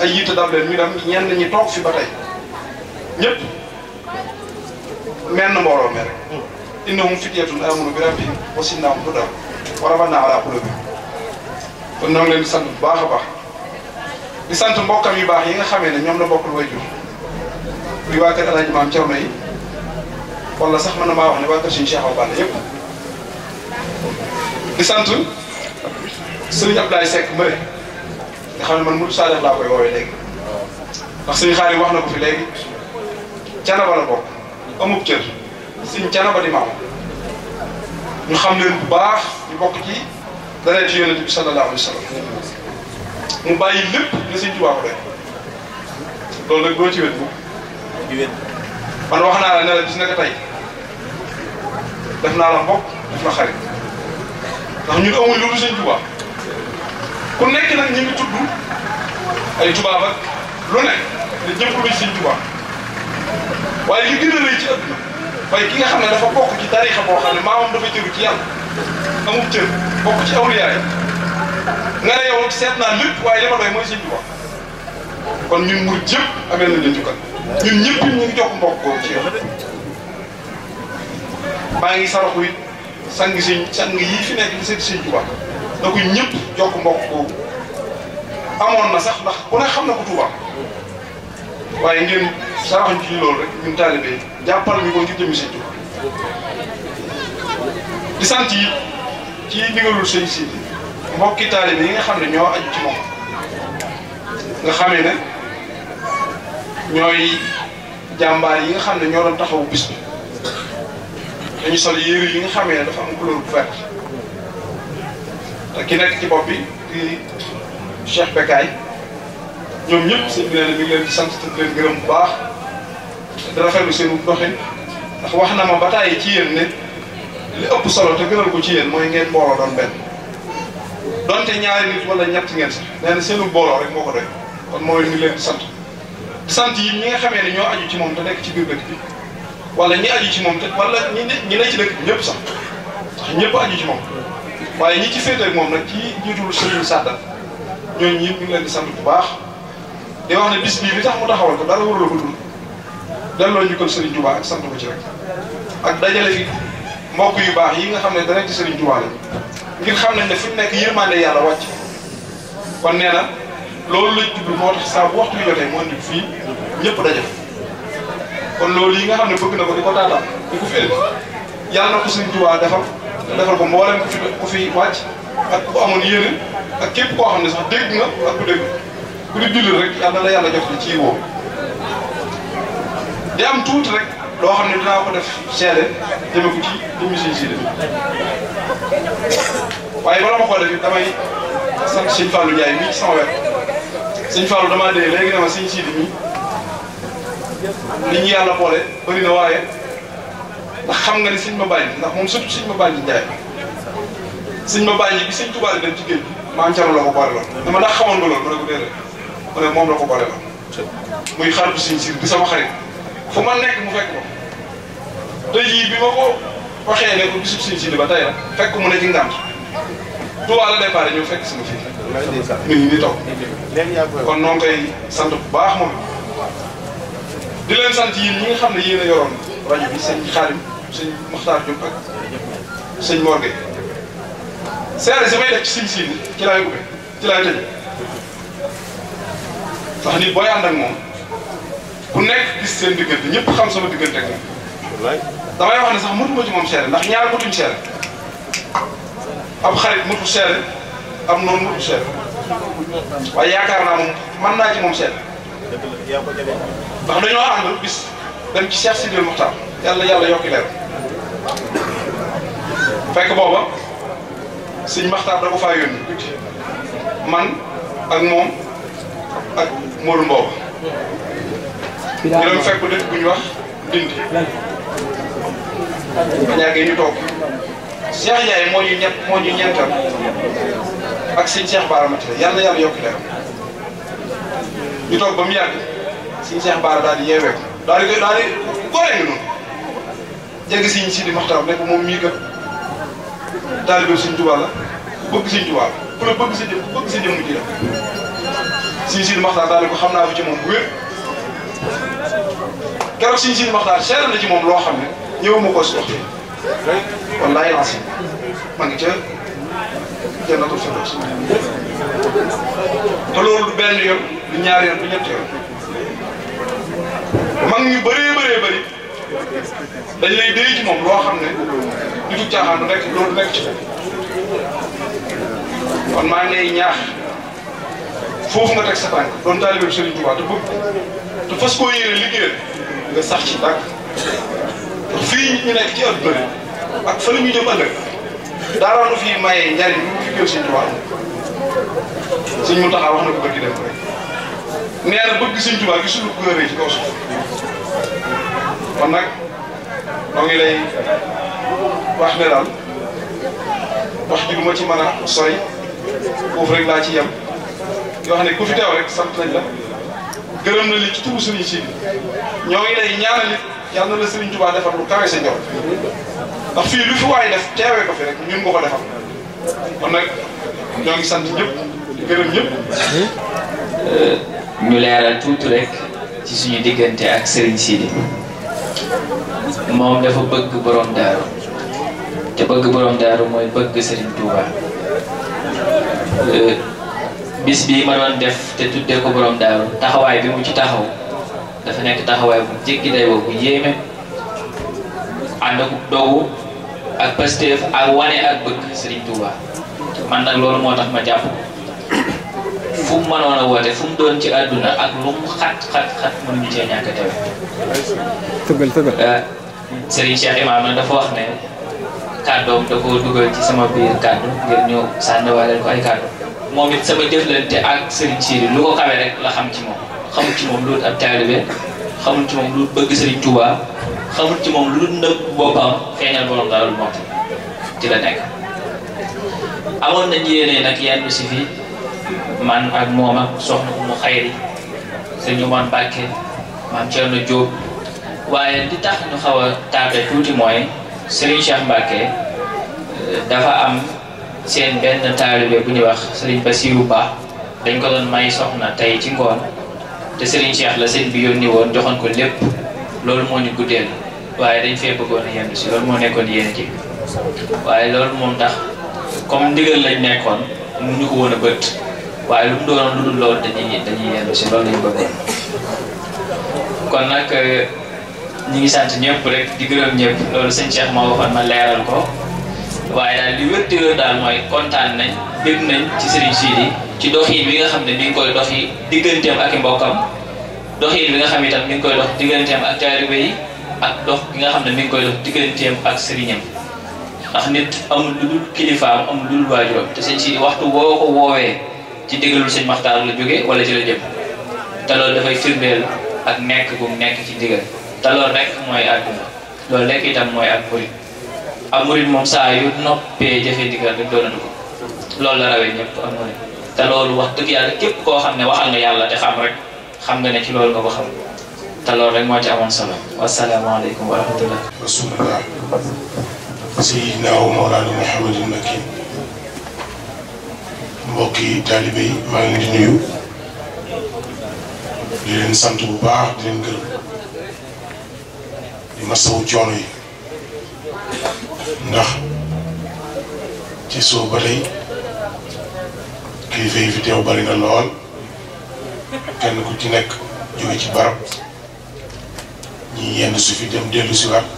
ay yitte dab leen ñu dem ñenn ñi toog fi ba tey ñëpp menn mbooloo mi rek innahum fityatun kon ñoo leen di sant bu baax a baax di sant mbokkam yu baax yi nga xamee ne ñoom la bokkul wajur muy waa kër El Hadj Maam Cerno yi wala sax mën na maa wax ne waa kër suñu Cheikh Awa di sant sëriñ Abdoulaye Seck Mbale nga xam ne man mu Sadio laa koy woowee léegi ndax suñu xaar wax na ko fi léegi canaba la bokk amub cër suñ canaba di maam ñu xam leen bu baax ñu bokk ci dareet yonent bi sallallahu alayhi wa sallam mu bàyyi lépp ne wax naa la ne la bis na ko tey naa la mbokk def na xarit ndax ñun amuñ lu dul sëñ Tuubaa ku nekk nag ñi ngi tudd ay tubaab ak lu nekk ne ñëpp luy sëñ Tuubaa waaye li gën a rëy ci waaye ki nga xam ne dafa bokk ci tariixa boo xam ne dafa jëru ci yàlla amul cër bokk ci awliyaay nga ne yow seet naa lépp waaye li ma doy mooy sëñ Tuubaa kon ñun murid yëpp amee nañ leen jukkal ñun ñëpp ñu ngi jox mbokk ci yow maa ngi saraxu it sang sëñ sang yii fi nekk di sëñ sëñ Tuubaa da ko ñëpp jokk mbokk boobu amoon na sax ndax ku ne xam na ko Tuubaa waaye ngeen saraxuñ rek ñun taalibe ko ngir jëmi sëñ sant yi ci ndigalul sëñ si yi nga xam ne ñoo aju ci moom nga xamee ne ñooy jàmbaar yi nga xam ne ñoo doon taxawu bis dañu sol yére yi nga xamee ne dafa am couleur bu vert te ki nekk ci bopp bi di Cheikh Bekkaay ñoom ñëpp sëñ bi nee leen di sant di leen gërëm bu baax di rafetlu seen doxin ndax wax na ma ba tàyyi ci yéen ne li ëpp solo te gënal ko ci yéen mooy ngeen mbooloo doon benn donte ñaari nit wala ñett ngeen sax nee na seenu mbooloo rek moo ko doy kon mooy mi leen di sant di sant yi ñi nga xamee ni ñoo aju ci moom te nekk ci biir dëkk bi. wala ñi aju ci moom te wala ñi ne ñi ne ci dëkk ñëpp sax ndax aju ci moom waaye ñi ci féete ak moom nag ci jiitul Serigne Sadda ñooñu ñëpp ñu ngi leen di sant bu baax di wax ne bis bii li tax mu taxawal ko dara warula ko dul delloo ñu ko Serigne Touba ak sant ko ci rek ak dajale fi mbokk yu baax yi nga xam ne danañ ci Serigne Touba la ngir xam nañ ne fi mu nekk yërmande yàlla wàcc kon nee na loolu lañ tudd moo tax saa bu waxtu bi jotee moo indi fii ñëpp dajale. kon loolu yi nga xam ne bëgg na ko di ko taataan di ko fi indi yàlla na ko suñu jiwaa defal defal ko mboolem ku fi ku fi wàcc ak ku amoon yéene ak képp ko xam ne sax dégg nga ak ku dégg ku di julli rek yàlla na la yàlla jox ci woo di am tuuti rek loo xam ne dinaa ko def seede jëme ko ci li mu siy siide waaye bala ma ko def damay sant Sëñ Fallou Ndiaye mii ci sama wet Sëñ Fallou damaa dee léegi dama Sëñ Siidi mii nit ñi yàlla boole bari na waaye ndax xam nga ni sëñ ma bàññi ndax moom sut sëñ ma bàññi njaay sëñ ma bàññi bi sëñ Tuubaa dem ci géej gi maam Cerno la ko boole loon dama ndax xamoon nga loolu mu ne ko déedéet mu ne moom la ko boole loon muy xaritu sëñ siir bi sama xarit fu ma nekk mu fekk ko tey jii bi ma ko waxee ne ko bisub sëñ siir ba tey la fekk mu ne ci ngànt Tuubaa la départ ñu fekk sama fii mi ngi nii toog kon noonu koy sant baax moom di leen sant yéen ñi nga xam ne yéen a rajo bi sëñ Xaalim sëñ Maxtaar Diop ak sëñ Mor Gueye seere si may def ci siñ siin ci laay ubbe ci laay tëj ndax nit booy ànd ak moom ku nekk gis seen diggante ñëpp xam sama diggante ak damay wax ne sax mëtuma ci moom seere ndax ñaar mëtuñ seere ab xarit mëtu seere am noonu mëtu seere waaye yaakaar naa moom mën naa ci moom seere ndax dañoo ànd bis dem ci si Sidil Mokhtar yàlla yàlla yokki leen fekk booba sëñ Mokhtar da ko faa yónni tuuti man ak moom ak Modou Mbow. ñu doon fekk dëkk bu ñu wax dindi. ba ñaagee ñu toog Cheikh Ndiaye moo ñu ñett moo ñu ñeental ak sëñ Cheikh Baara yàlla yàlla yokki leen ñu toog ba mu yàgg. suñu Cheikh Bara daal di yeewee daal di daal di góore ñu noonu jéggi siñ si di maxtaram ne ko moom mii kat taalibe suñ Tuubaa la bëgg suñ Tuubaa la ku la bëgg sa jëm bëgg sa jëm ji la siñ si di maxtaar daal di ko xam naa ko ci moom bu wér keroog siñ si di maxtaar seer na ci moom loo xam ne ñëwuma ko si waxtu kon laay lancé ma ngi ca jannatul firdaws te loolu du benn yoon du ñaari yoon du ñetti yoon mag ñu bëree bëree bëri dañ lay dee ci moom loo xam ne du ci caaxaan rek loolu rek ci kon maa ngi foofu nga teg sa tànk doon taalibe bi Serigne Touba te bëgg te fas koo yéene nga sax ci tànk ndax fii ñu nekk ci adduna bi ak fa la ñu jëm fii maye njariñ ñu fi gën Serigne Touba Serigne Mountakha wax na ko bëgg dem nee na bëgg Sëñ Tuubaa gisul lu a rëy ci kaw suuf kon nag lay wax ne daal wax ji lu ci mën a sori foofu rek laa ci yem yoo xam ne ku fi teew rek sant nañ la na li ci turu sëriñ si ñoo ngi lay ñaanal it yal na la Sëriñ Tuubaa defar lu kawe sa njort ndax fii lu fi waay def teewee ko fi rek ñun nga ko defal kon nag ñoo ngi sant ñëpp gërëm ñëpp. ñu leral tout rek ci suñu digënté ak sëriñ Sidi mom dafa bëgg borom daaru té bëgg borom daaru moy bëgg sëriñ Touba euh, bis bi ma doon def té tuddé ko borom daaru taxaway bi mu ci taxaw dafa nek taxaway bu jéggi day bu yéme and ak dogu ak Pastef ak wane ak bëgg sëriñ Touba man nak loolu motax ma jàpp fu mu mënoon a fu mu doon ci àdduna ak lu mu xat xat xat mënuñu cee ñàkk a teew. tëggal tëggal. Euh, Serigne Cheikh Imaam dafa wax ne kàddoom da koo ci sama biir kàddu ngir ñëw sànniwaale ko ay kàddu moom it sama jëflante ak Serigne Sidi lu ko xamee rek la xam ci moom xam ci moom lu ab taalibe xamul ci moom lu bëgg Serigne Touba xamul ci moom lu nëb boppam feeñal borom daal lu moom ci la nekk. amoon nañu yéene nag yenn si fii. man ak moom ak soxna mu xayri sëñ Oumar Mbacke maam Thierno Diop waaye li tax ñu xaw a tardé tuuti mooy Serigne Cheikh Mbacke euh, dafa am seen benn taalibe bu ñuy wax Serigne Bassirou Ba dañ ko doon may soxna tey ci ngoon te Serigne Cheikh la sëñ bi yónni woon joxoon ko lépp loolu moo ñu guddeel waaye dañ fee bëggoon a yem si loolu moo nekkoon yéen ji waaye loolu moom tax comme ndigal lañ nekkoon mënuñu ko woon a bët. waaye lu mu doonoon lu dul loolu dañuy dañuy si loolu lañu bëggoon kon nag euh, ñi ngi sant ñëpp rek di gërëm ñëpp loolu sëñ Cheikh moo waxoon ma leeral ko waaye daal li wér di wér daal kontaan nañ bég nañ ci sëriñ Sidi ci doxin bi nga xam ne mi ngi koy doxi digganteem ak i mbokkam doxin bi nga xam itam mi ngi koy dox digganteem ak taalibe yi ak dox bi nga xam ne mi ngi koy dox digganteem ak sëriñam ndax nit amul lu dul kilifaam amul lu dul waajuram te sëñ Sidi waxtu woo ko woowee ci ndigalul si Maxtaar la jógee wala ci la jëm te loolu dafay firndeel ak nekk bu nekk ci ndigal te loolu mooy àdduna loolu rek itam mooy ak murit ak yu noppee jëfe ndigal rek doonatu te loolu wax dëgg yàlla képp koo xam ne waxal nga yàlla te xam rek xam nga ne ci lool nga ko xam te rek moo ci amoon solo wasalaamaaleykum wa rahmatullah rasulullah sayyidina wa mawlana muhammadin makin mbokki taalibe yi maa ngi leen di nuyu di leen sant bu baax di leen gërëm di masawu coono yi ndax ci suuf ba tey kilifa fi teew bari na lool kenn ku ci nekk jóge ci barab ñi yenn su fi dem dellu si waat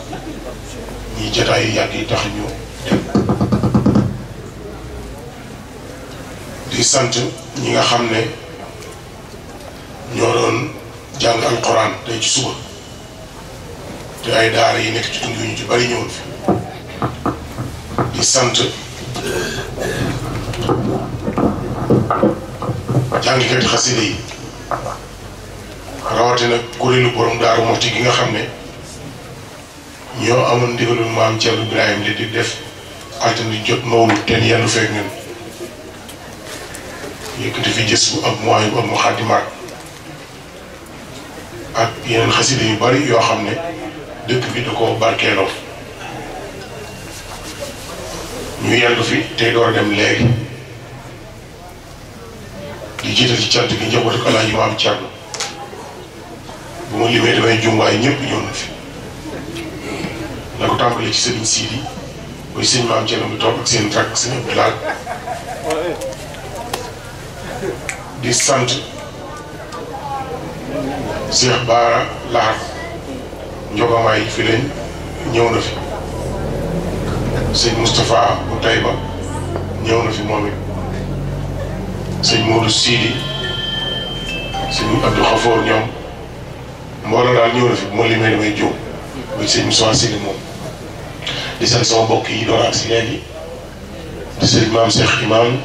ñi jotaay yu yàgg yi tax ñu di sant ñi nga xam ne ñoo doon jàng alquran tey ci suba te ay daara yi nekk ci tund yu ñu bari ñëwoon di sant jàngkat xasida yi rawatina kuréelu borom daaru moxti gi nga xam ne ñoo amoon ndigalul maam Thierno Ibrahima di di def altine jot mawlu ten yenn feek ñun yëkkati fi gis bu ak mooy bu ak mu xaatimaat ak yeneen xasida yu bari yoo xam ne dëkk bi da ko barkeeloo ñu yàgg fi tey door dem léegi di jiital ci cant gi njabootu ko laaj ma am càgg bu ma limee damay jumwaay ñëpp ñëw na fi la ko tàmbalee ci sëriñ Sidi mooy sëñ maam Thierno bi toog ak seen rakk sëñ Abdoulaye di sant Cheikh Bara Lahar Njogamaay fi lañ ñëw na fi sëñ Moustapha bu Tayba ñëw na fi moom it sëñ Modou Sidi sëñ Abdou Khafour ñoom mbooloo daal ñëw na fi moo limee damay jóg muy sëñ Moussa Sidi moom di sant sama mbokk yi doon ak si léegi di sëñ maam Cheikh Imam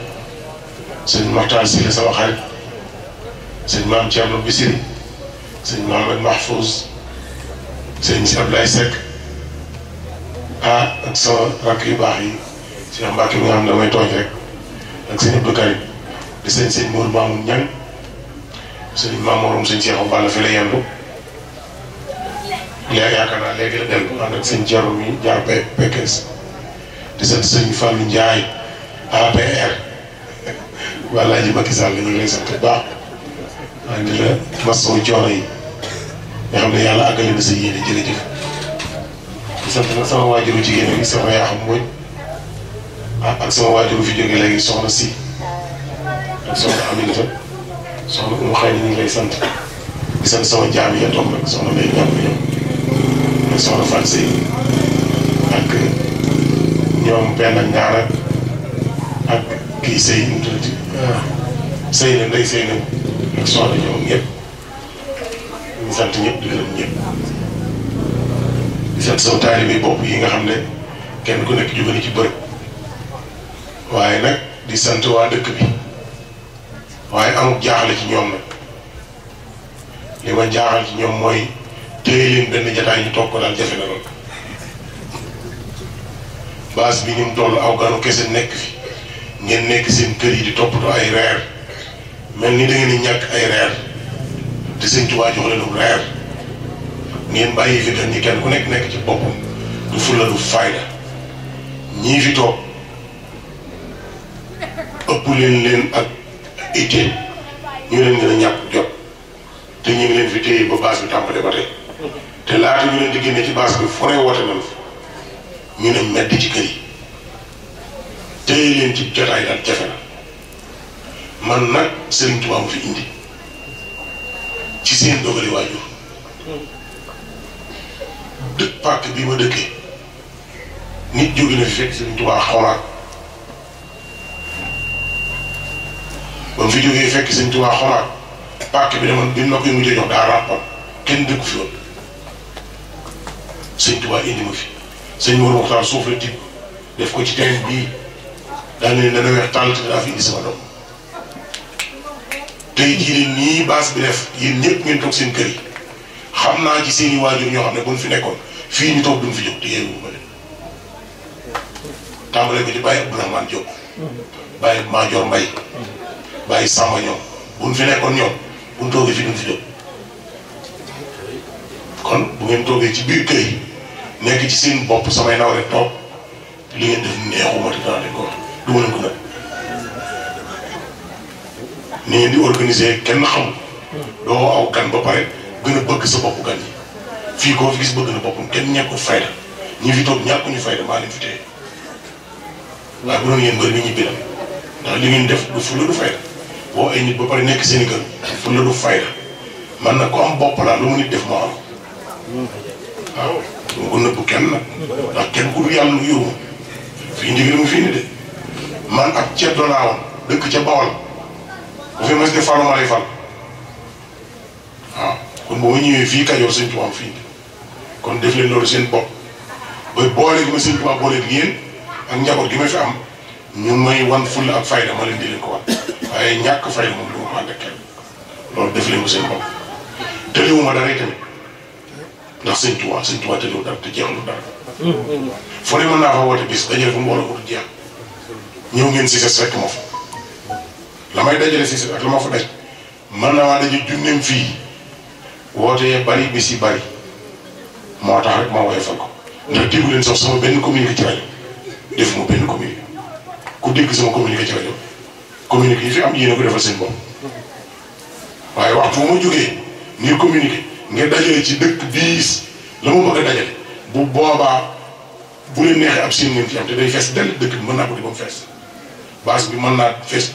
sëñ Makhtar Sidi sama xarit sëñ maam Thierno Bissiri sëñ Mohamed Mahfouz sëñ si Ablaye ah ak sama rakk yu baax yi Cheikh Mbacke mi nga xam ne damay tooñ rek ak sëñ Abdou Karim di sëñ sëñ Mour Mamoun Niang sëñ Maam Morom sëñ Cheikh Balla fi la yendu léegi yaakaar naa léegi la dellu ànd ak sëñ Thierno mi jaar pe Pekes di sant sëñ Fallou Ndiaye APR wala ji Macky Sall ñu ngi lay sant baax. waaye di la masawu coono yi nga xam ne yàlla àggale na sa yéene jërëjëf di sant nag sama waajuru jigéen ñi soxna yaa xam mooy ah ak sama waajuru fi jóge léegi soxna si ak soxna Aminata soxna Oumou xëy na ñu ngi lay sant di sant sama jaam yi toog rek soxna Ndeye Diagne ñoom ak soxna Fatou Seye ak ñoom benn ak ñaar ak kii Seye ñu tuddati ah, Seye na Ndeye Seye na. ak soxna ñoom ñëpp sant ñëpp di gërëm ñëpp di sant sama taalibe bopp yi nga xam ne kenn ku nekk jóge ci bërëb waaye nag di sant waa dëkk bi waaye amul jaaxle ci ñoom nag li ma jaaxal ci ñoom mooy téye leen benn jataay ñu toog ko daal jafe na lool base bi ni mu toll aw ganu kese nekk fi ngeen nekk seen kër yi di toppatoo ay reer. mel ni da ngeen ñàkk ay reer te sëñ Tuubaa jox reer ngeen bàyyi fi def ni kenn ku nekk nekk ci boppam du fulla du fayda ñii fi toog ëpp leen leen ak itteel ñu leen gën ñàkk jot te ñu ngi leen fi téye ba baas bi tàmbale ba tey te laata ñu leen di génne ci baas bi fone woote nañ ñu ne medd ci kër yi téye leen ci jotaay daal jafe na man nag Serigne Touba ma fi indi ci seen dogali waajur dëkk pàkk bi ma dëkkee nit jóge na fi fekk Serigne Touba xomaat ba mu fi jógee fekk Serigne Touba xomaat pàkk bi dama bi ma koy mujjee jox daa ràppal kenn dëkku fi woon Serigne Touba indi ma fi sëñ Mor Mokhtar suuf la tibb def ko ci teen bii daal ne dana weex tàll daa fi indi sama doom tey jii ñii baas bi def yéen ñëpp ngeen toog seen kër yi xam naa ci seen i waajur ñoo xam ne buñ fi nekkoon fii ñu toog duñ fi jóg te yeewu ma leen tàmbale ko ci Baye Abdourahmane Diop Major Mbaye Baye Samba ñoom buñ fi nekkoon ñoom buñ toogee fi duñ fi jóg kon bu ngeen toogee ci biir kër yi nekk ci seen bopp samay naw rek toog li ngeen neexuma te dana leen du ma leen ko ni ngeen di organiser kenn xam doo aw gan ba pare gën a bëgg sa bopp gan yi fii koo fi gis bëgg na boppam kenn ñàkkul fayda ñi fi toog ñàkkuñu fayda maa leen fi téye waaye bu def du fayda boo ay ba pare nekk seen i kër fulla du fayda man nag ko am bopp laa lu mu nit def ma am waaw duma ko nëbb kenn nag ndax kenn ku du yàlla lu yóbbu fii ndigal mu fii ni de man ak ceeb laa woon dëkk ca Bawol jeunesse de Fallou ah, ma lay fal waaw kon boo ñëwee fii Kajoor sëñ Tuubaa fii kon def leen loolu seen bopp ba boole gi ma sëñ ak njaboot gi ma fi am ñu may wan fulla ak fayda ma ko waaye ñàkk fayda moom du ma ko ànd kenn loolu def leen ko seen bopp tëliwuma dara tamit ndax sëñ Tuubaa sëñ Tuubaa tëliwu dara te jeexlu dara mm-hmm. foo ne mën naa fa woote bis dajale fa mbooloo ko du jeex ñëw ngeen si ses rek moo la may dajale si si ak la ma fa daj mën na maa daje junneem fii wootee bari bi si bari moo tax rek ma woyofal ko ndax déggu leen sax sama benn communiqué ci rajo def ma benn communiqué ku dégg sama communiqué ci rajo communiqué yi fi am yéen a ko defal seen bopp waaye waxtu bu ma jógee ngir communiqué nga dajale ci dëkk diis la ma bëgg a dajale bu boobaa bu leen neexee ab siin ngeen fi am te day fees dell dëkk bi mën naa ko di ba fees base bi mën naa fees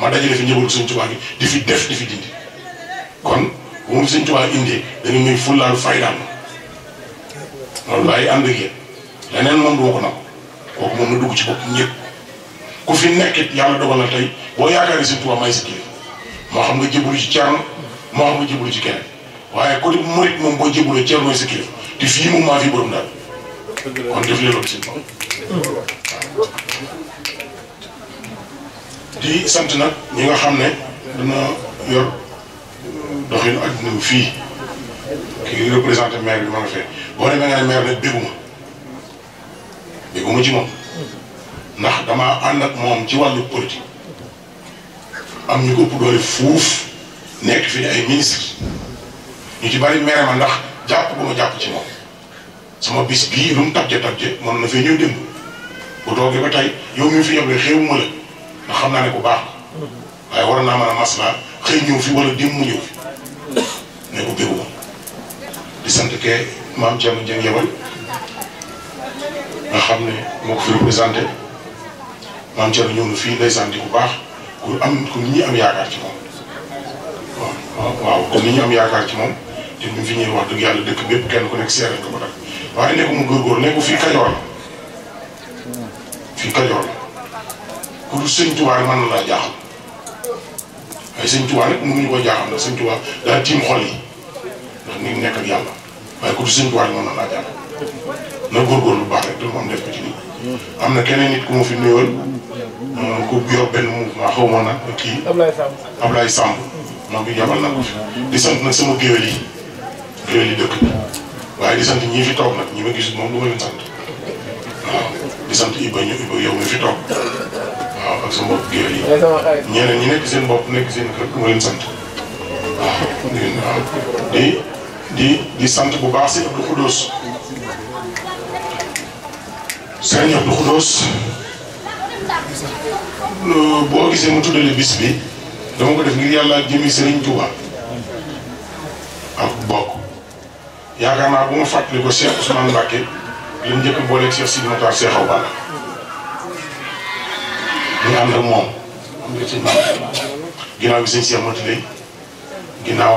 ma dajale fi njëbalu suñ tubaab yi di fi def di fi dindi kon bu mu suñ tubaab indee dañu muy fullaal faydaam loolu laay ànd ak yéen leneen moom du ma ko kooku moom na dugg ci bopp ñëpp ku fi nekkit yàlla dogal na tey boo yaakaaree suñ tubaab may si kilifa moo xam nga jëbalu ci Cerno moo xam nga jëbalu ci keneen waaye côté murit moom boo jëbaloo Cerno mooy si kilifa te fii moom maa fi borom daal kon def leen loolu suñ tubaab mm. di sant nag ñi nga xam ne dana yor euh, doxinu adduna bi fii kii représenté maire bi ma nga fee boo demee na ne maire nag béguma ci moom ndax damaa ànd ak moom ci wàllu politique am ñu ko ëpp doole fuuf nekk fi ay ministre ñu ci bari maire ma ndax jàpp ba ma jàpp ci moom sama bis bii lu mu tajje tajje mën na fee ñëw démb bu toogee ba tey yow mi fi yóbbee xéewu ma la ndax xam naa ne bu baax waaye waroon naa mën a maslaa xëy ñëw fi wala démb mu ñëw fi ne ko bëggu di sant kee maam Thierno Dieng yebal nga xam ne moo ko fi représenté maam Thierno ñëw na fii ndeysaan di baax ku am ko nit ñi am yaakaar ci moom waaw waaw nit ñi am yaakaar ci moom te bu fi ñuy wax dëgg yàlla dëkk bépp kenn ku nekk seeral ko ba tax waaye ne ko mu góorgóorlu ne Kajoor la fii Kajoor la ku dul sëñ Tuubaa rek mën na laa jaaxal waaye sëñ Tuubaa rek mënuñu koo jaaxal ndax sëñ Tuubaa daa tiim xol yi ndax nit nekk ak yàlla waaye ku dul sëñ Tuubaa rek na laa jaaxal na góorgóorlu bu baax rek te mu def ko ci am na keneen nit ku ma fi nuyoo euh, ku yor benn mouvement xaw ma nag kii Ablaye Samb maa ngi yabal nag di sant nag sama géwél yi géwél yi dëkk bi waaye di sant fi toog nag ñi ma gis moom du ma leen sant waaw di sant Iba waaw ak sama bopp géer yi ñeneen ñi nekk seen bopp nekk seen kër ma leen sant di di di sant bu baax si Abdou Khoudous sëriñ Abdou Khoudous boo gisee mu tuddale bis bi dama ko def ngir yàlla ak jëmi sëriñ Touba ak bokk yaakaar naa bu ma fàttali ko Cheikh Ousmane Mbacke li mu njëkk booleeg Cheikh Sidi Moutar Cheikh Awa ñu ànd am Cheikh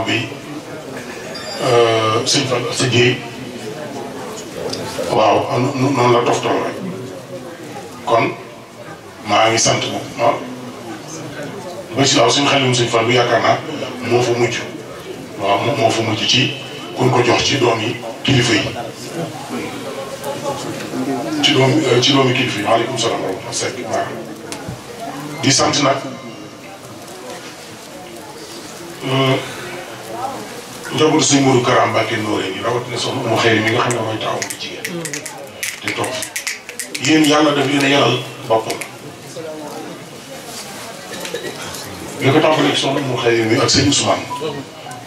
bi euh, Fall la rek kon ngi si la suñu xelum sëñ Fall bi yaakaar naa moo fa waaw moo fa mujj ci kuñ ko jox ci doom yi kilifa yi ci doom euh, ci di sant nag hmm. njabootu suñu mbiru Kara Mbacké Noreyni nii rawatina soxna Oumou nga xam ne mooy taawam bu jigéen te toog yéen yàlla daf leen a yaral boppam li ko tàmbalee soxna Oumou Khayri mi ak sëñ Ousmane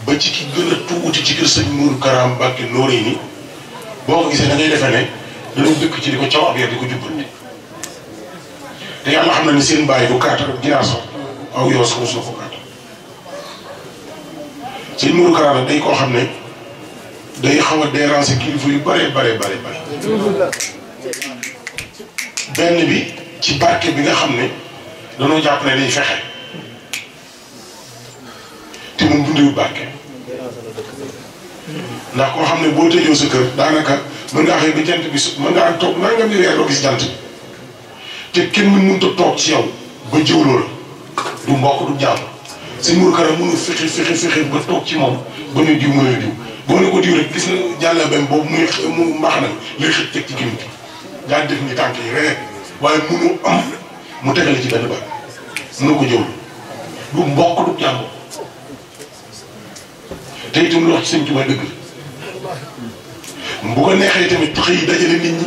ba ci ki gën a tuuti ci kër sëñ mbiru Kara Mbacké Noreyni nii boo ko gisee da ngay ne dañoo dëkk ci di ko caw ab yar di ko jubbanti te yàlla xam na ne seen bàyyi bu kaata ginnaaw sax aw yoo sax mos na ko kaata seen day koo xam ne day xawa a déranger kilifa yu bare bare bare bare benn bi ci barke bi nga xam ne dañoo jàpp ne day fexe te moom dundiwu barke ndax koo xam ne boo tëjoo sa kër daanaka mën ngaa xëy ba jant bi su mën ngaa toog nangam di weer doo gis jant bi te kenn mënut a toog ci yow ba jëwloo la du mbokk du jàmm sëñ Mourou Kara mënul ko diw rek gis na jàll benn boobu muy mu yi rek waaye ci benn baat dëgg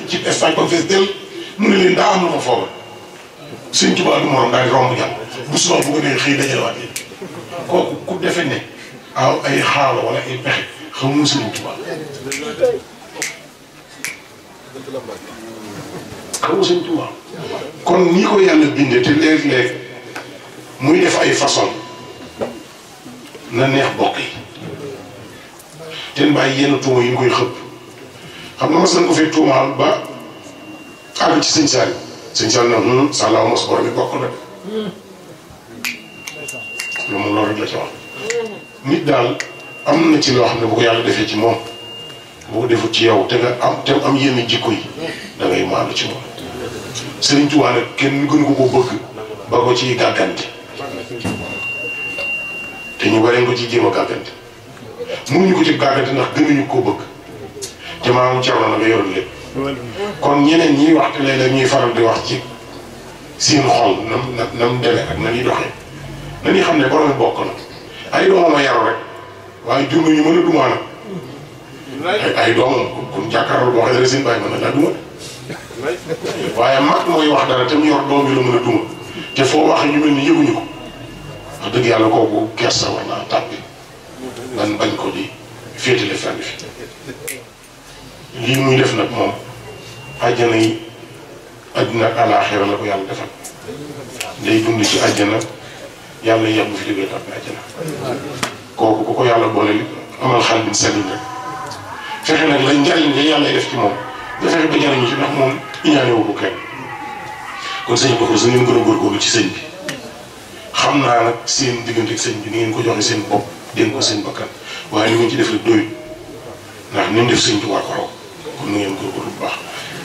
la mu ne leen daa am lu ma foogal sëñ Tuubaa du morom daal romb ñam bu suba bu ko dee xëy dajalewaat kooku ku defe ne aw ay xaala wala ay pexe xamuñu sëñ Tuubaa kon nii ko yàlla bindee te léeg-léeg muy def ay façon na neex bokk yi ten bàyyi yenn tuuma yi ñu koy xëpp xam nga mas nañ ko fee tuumaal ba àgg ci sëñ Saliou suñ sol na sax laaw mos bokk na de moom loolu la ci daal am na ci loo xam ne bu ko yàlla defee ci moom bu ko defut ci yow te nga am te am yenn jikko yi da ngay ci moom Sëriñ Tuubaa kenn gënu ko ko bëgg ba ko ci gàggante te ñu bari ko ci jéem a gàggante mënuñu ko ci gàggante ndax gënuñu ko bëgg te maamu Cerno na nga yoroon lépp kon ñeneen ñi waxtu leen dañuy faral di wax ci seen xol nam nam nam demee ak na ñuy doxee dañuy xam ne borom bokk na ay doomam a yaru rek waaye jur ñu mën a dumaa nag ay doomam kon jàkkaarloo boo xam ne seen bàyyi mën na laa duma waaye mag mooy wax dara te mu yor doom yi la mën a duma te foo waxee ñu mel ni yëguñu ko wax dëgg yàlla kooku kersa war naa tàbbi lan bañ ko di féetale fenn fi lii muy def nag moom àjjana yi àddina ak alaaxira la ko yàlla defal day dund ci àjjana yàlla yàgg fi jógee tàbbi àjjana kooku ku ko yàlla boole li amal xal bin salim rek fexe nag la njariñ la yàlla def ci moom nga fexe ba jariñu ci ndax moom iñaane sëñ ko ci sëñ bi xam naa nag seen diggante ak sëñ bi ni ngeen ko joxe seen bopp dénk ko seen bakkan waaye li ngeen ci def rek doyut ndax ni def sëñ bi waa ko kon ngeen góorgóorlu bu baax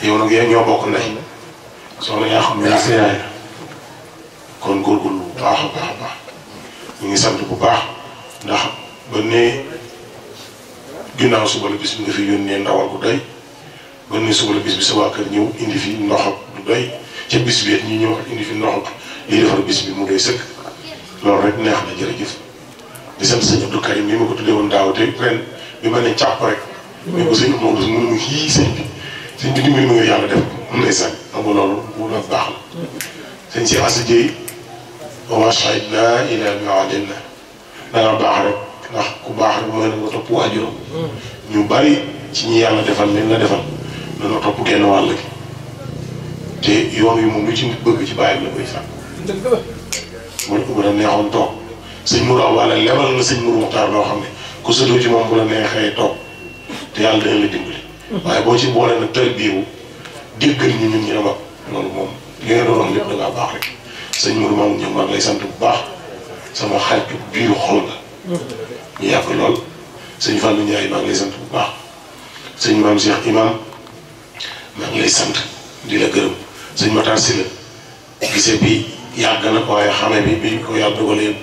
yow nag yow ñoo bokk ndey soxna yaa xam ne yaa sa kon góorgóorlu bu baax a baax a baax ñu ngi sant bu baax ndax ba ne ginnaaw suba la bis bi fi yónnee ndawal bu doy ba ne bi sa waa kër ñëw indi fi ndox du doy ca bis bi ñu ñëw indi fi ndox li defar bis bi mu doy sëkk loolu rek neex na jërëjëf di sant sëñ Abdou Karim mi ma ko tuddee woon daaw te ren bi ma ne càpp rek. mais bu sëñ Maodo mu ne ma fii sëñ bi sëñ bi dimbali ma nga yàlla def ko ndeysaan xam nga loolu bu la baax la sëñ si Assa Dieye wa shahidna ila ma'adin danga baax rek ndax ku baax rek mooy na nga topp waajuram ñu bari ci ñi yàlla defal leen la defal dana topp genn wàll gi te yoon wi moom lu ci nit bëgg ci bàyyi la koy sàkk mu bu la neexoon toog sëñ Mourou Awaale lebal na sëñ Mourou Mokhtar loo xam ne ku sëtoo ci moom bu la neexee toog te yàlla dana la dimbali. waaye boo ci boole nag tër bii bu déggal ñu ñun ñu ne mag loolu moom li nga doon lépp da ngaa baax rek sëñ Modou Mamoune Diop ngi lay sant bu baax sama xarit ñu yàgg lool sëñ Fallou Ndiaye maa ngi lay sant bu baax sëñ Mame Cheikh Imam maa ngi lay sant di la gërëm sëñ Matar Sylla gisee bi yàgg na ko waaye xame bi bi ko yàlla dugalee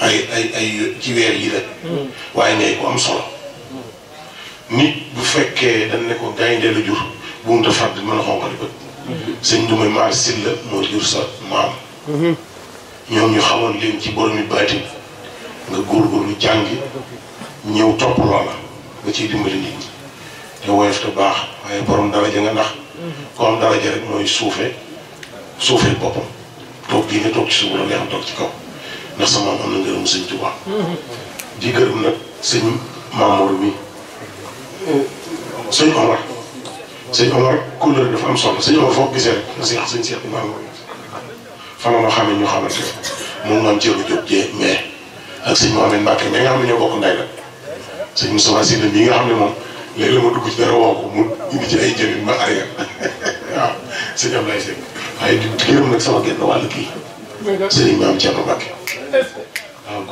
ay ay ay ci weer yi la. Mm. waaye ngay ko am solo. nit bu fekkee dañ ne ko gaynde la jur bu mu defaat mën a xonqali bët. sëñ Dumay Maar Sylla moo jur sa maam. ñoom ñu xawoon leen ci boromi baatin nga góorgóorlu jàngi ñëw topp loola nga ciy dimbali nit ñi baax waaye borom daraja nga ndax. ko suufee suufee boppam toog gii nga toog ci suuf la neexam toog ci kaw ndax sa maam am na ngërëm sëñ Tuubaa di gërëm nag sëñ Maamoor mi. sëñ Omar sëñ Omar couleur dafa am solo si yàq sëñ Cheikh Ibrahima Niass ma xamee ñu xamante ne moom xam Thierno Diop Dieng mais ak sëñ Mohamed Mbacke xam ne ñoo bokk ndey la sëñ Moustapha Sylla bi nga xam ne moom léegi la ma dugg ci dara woo ko mu indi ci ay jëriñ ma arrière waaw sëñ Ablaye ci waaye di gërëm nag sama genn wàll kii dafa am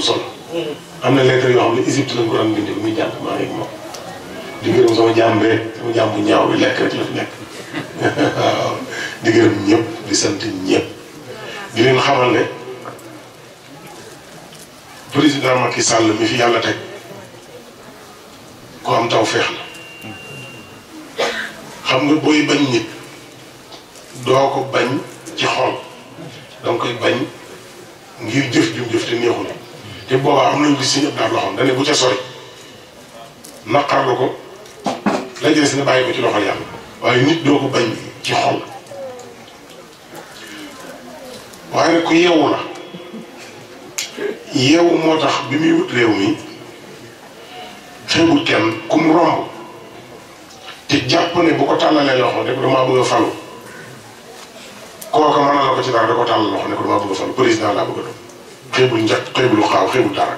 solo mm-hmm. am na lettre yoo xam ne Égypte lañ ko doon bind muy jàng maa ngi moom. di gërëm sama bu ñaaw bi nekk waaw di sant ñëpp di leen ne président Macky Sall mi yàlla teg ko am la xam nga booy bañ nit doo ko bañ ci xol danga koy bañ ngir jëf jum jëf te neexul te boobaa am nañu li si ñëpp daal loxoom da ne bu ca sori naqarlu ko. la jëlee si nga bàyyi ko ci loxol yàlla waaye nit doo ko bañ ci xol waaye nag ku yeewu la yeewu moo tax bi muy wut réew mi xeebul kenn ku mu te jàpp ne bu ko tàllalee loxo ne ko damaa bëgg a falu kooka mën na la ko ci dara da ko tàllal loxo ne ko damaa bëgg a falu président laa bëgg a doon xeebul njëkk xeebul xaaw xeebul dara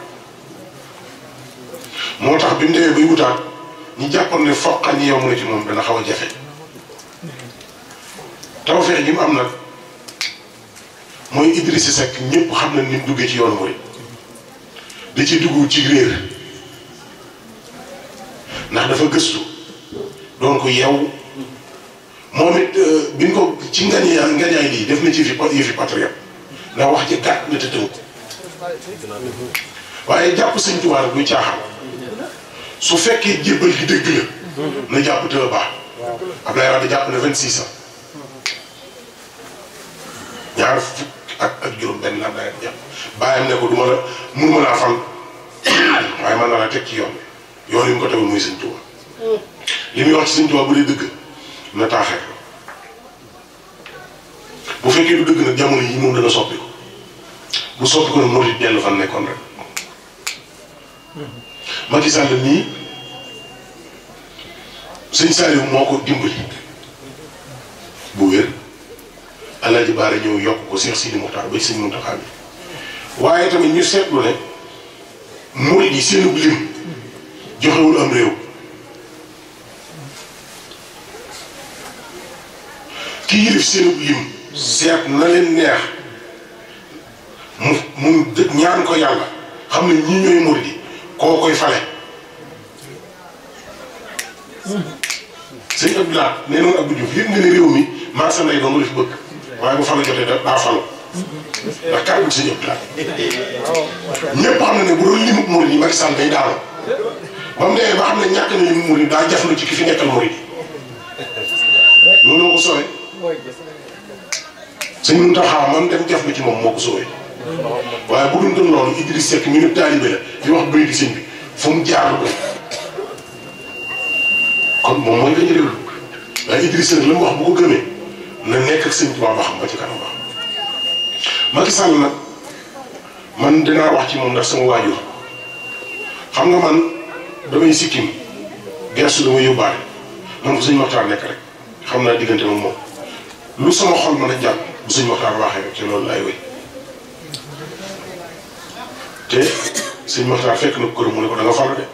moo tax bi mu demee bay wutaat نجاكم نفقني يوم نجمون بلا خوا جافي توفيق جيم امنا موي ادريس سك نيب خامنا ني دوجي سي يون موي دي سي دوجو سي رير نا دا فا گستو دونك ياو موميت بين كو سي غاني غاني اي دي ديف نتي في با يفي باتريا لا واخ سي كات نتا تو واي جاب سيغ توار دو تياخا su fekkee jébbal gi dëgg la. na jàpp deux ba. Abdoulaye Wade jàpp na vingt six ans. ñaar fukk ak juróom-benn la Abdoulaye jàpp bàyyam ne ko du ma la mënuma laa fal waaye man naa la teg ci yoon bi yoon yi mu ko tegoon muy Sëñ Tuuba. li muy wax ci Sëñ bu dee dëgg nag jamono yi moom dana soppi ko bu soppi ko nag moo di dellu fan nekkoon rek. Macky Sall nii sëñ Saliou moo ko dimbali bu wér Alaaji Baara ñëw yokk ko Cheikh Sidi Moukhtar ba sëñ Mountakha bi waaye tamit ñu seetlu ne murid yi seenub lim joxewul am réew ki yilif seenub lim seet na leen neex mu mu ñaan ko yàlla xam ne ñi ñooy murid yi koo koy fale sëñ Abdou Lahad nee noonu Abdou Diouf yëg nga ne réew mi maa sa ba mu def bëgg waaye bu fale jotee daa falu ndax kàddu sëñ Abdou Lahad ñëpp xam na ne bu doon limu murid yi Macky Sall daanu ba mu demee ba xam ne ñàkk na limu murid daa jaflu ci ki fi nekkal murid yi loolu moo ko sowee sëñ Mountakha ci moom moo ko waaye bu dul doon loolu Idriss Seck mi ne taalibe la di wax béy di sëñ bi fu mu jaar ko kon moom mooy dañu déglu waaye Idriss Seck la mu wax bu ko gëmee na nekk ak sëñ Tuubaa xam ba ci kanam ba Macky man dinaa wax ci moom ndax sama waajur xam nga man damay sikkim gersu damay yóbbaale man bu suñu waxtaan nekk rek xam naa diggante moom moom lu sama xol mën a jàpp bu suñu waxtaan waxee ci loolu laay wéy te sëñ Maxtaar fekk na ko këram mu ne ko da nga de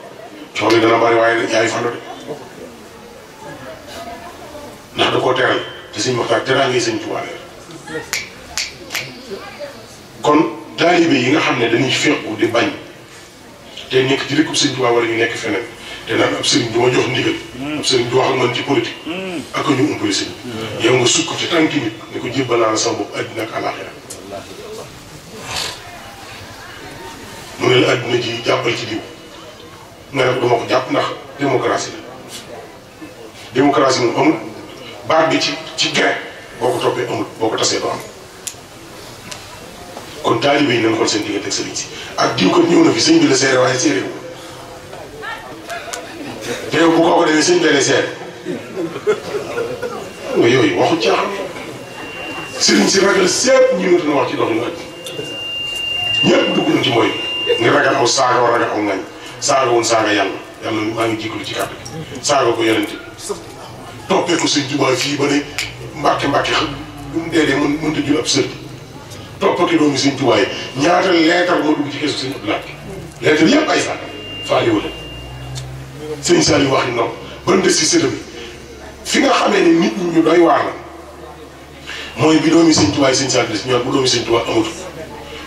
coow li dana bari waaye yaay falu de ndax da koo teral te sëñ Maxtaar yi nga xam ne dañuy fekku di bañ te nekk ñu nekk feneen te naan ab sëriñ du ma jox ndigal mm. ab sëriñ du wax ak man ci politique mm. ak ñu umpale sëñ mm. yow nga sukk ci tànki nit ne ko jébbalaa la sa bopp àddina ak àllaaxira mu ne la adduna ji jàppal ci diw nga ne ko dama ko jàpp ndax démocratie la démocratie moom baat bi ci ci grain boo ko toppee amul boo ko tasee doo am kon taalibe yi nañ xool seen diggante ak sëriñ si ak diw ko ñëw na fi sëñ bi la seere waaye seere te ko ko defee bi la seere nga yooyu waxu caaxaan sëriñ na wax ci dox ñu at ñëpp dugg nañ ci mooy ngir ragal aw saaga war ragal aw ngañ saaga woon saaga yàlla yàlla maa ngi jiglu ci kàddu gi ko yonent bi toppee ko sëñ Tuubaa fii ba ne mbàkke mbàkke xam bu mu dee dee mën mënta jur ab sër toppati doomi sëñ Tuubaa ñaata leetar moo dugg ci keesu sëñ Abdu Lahat leetar ay saaga faaliwu la wax ni noonu ban des ci sëtam fi nga xamee ne nit ñi ñu doy waar la mooy bi doomi sëñ Tuubaa yi sëñ Saliou des ñoom bu doomi sëñ Tuubaa amatu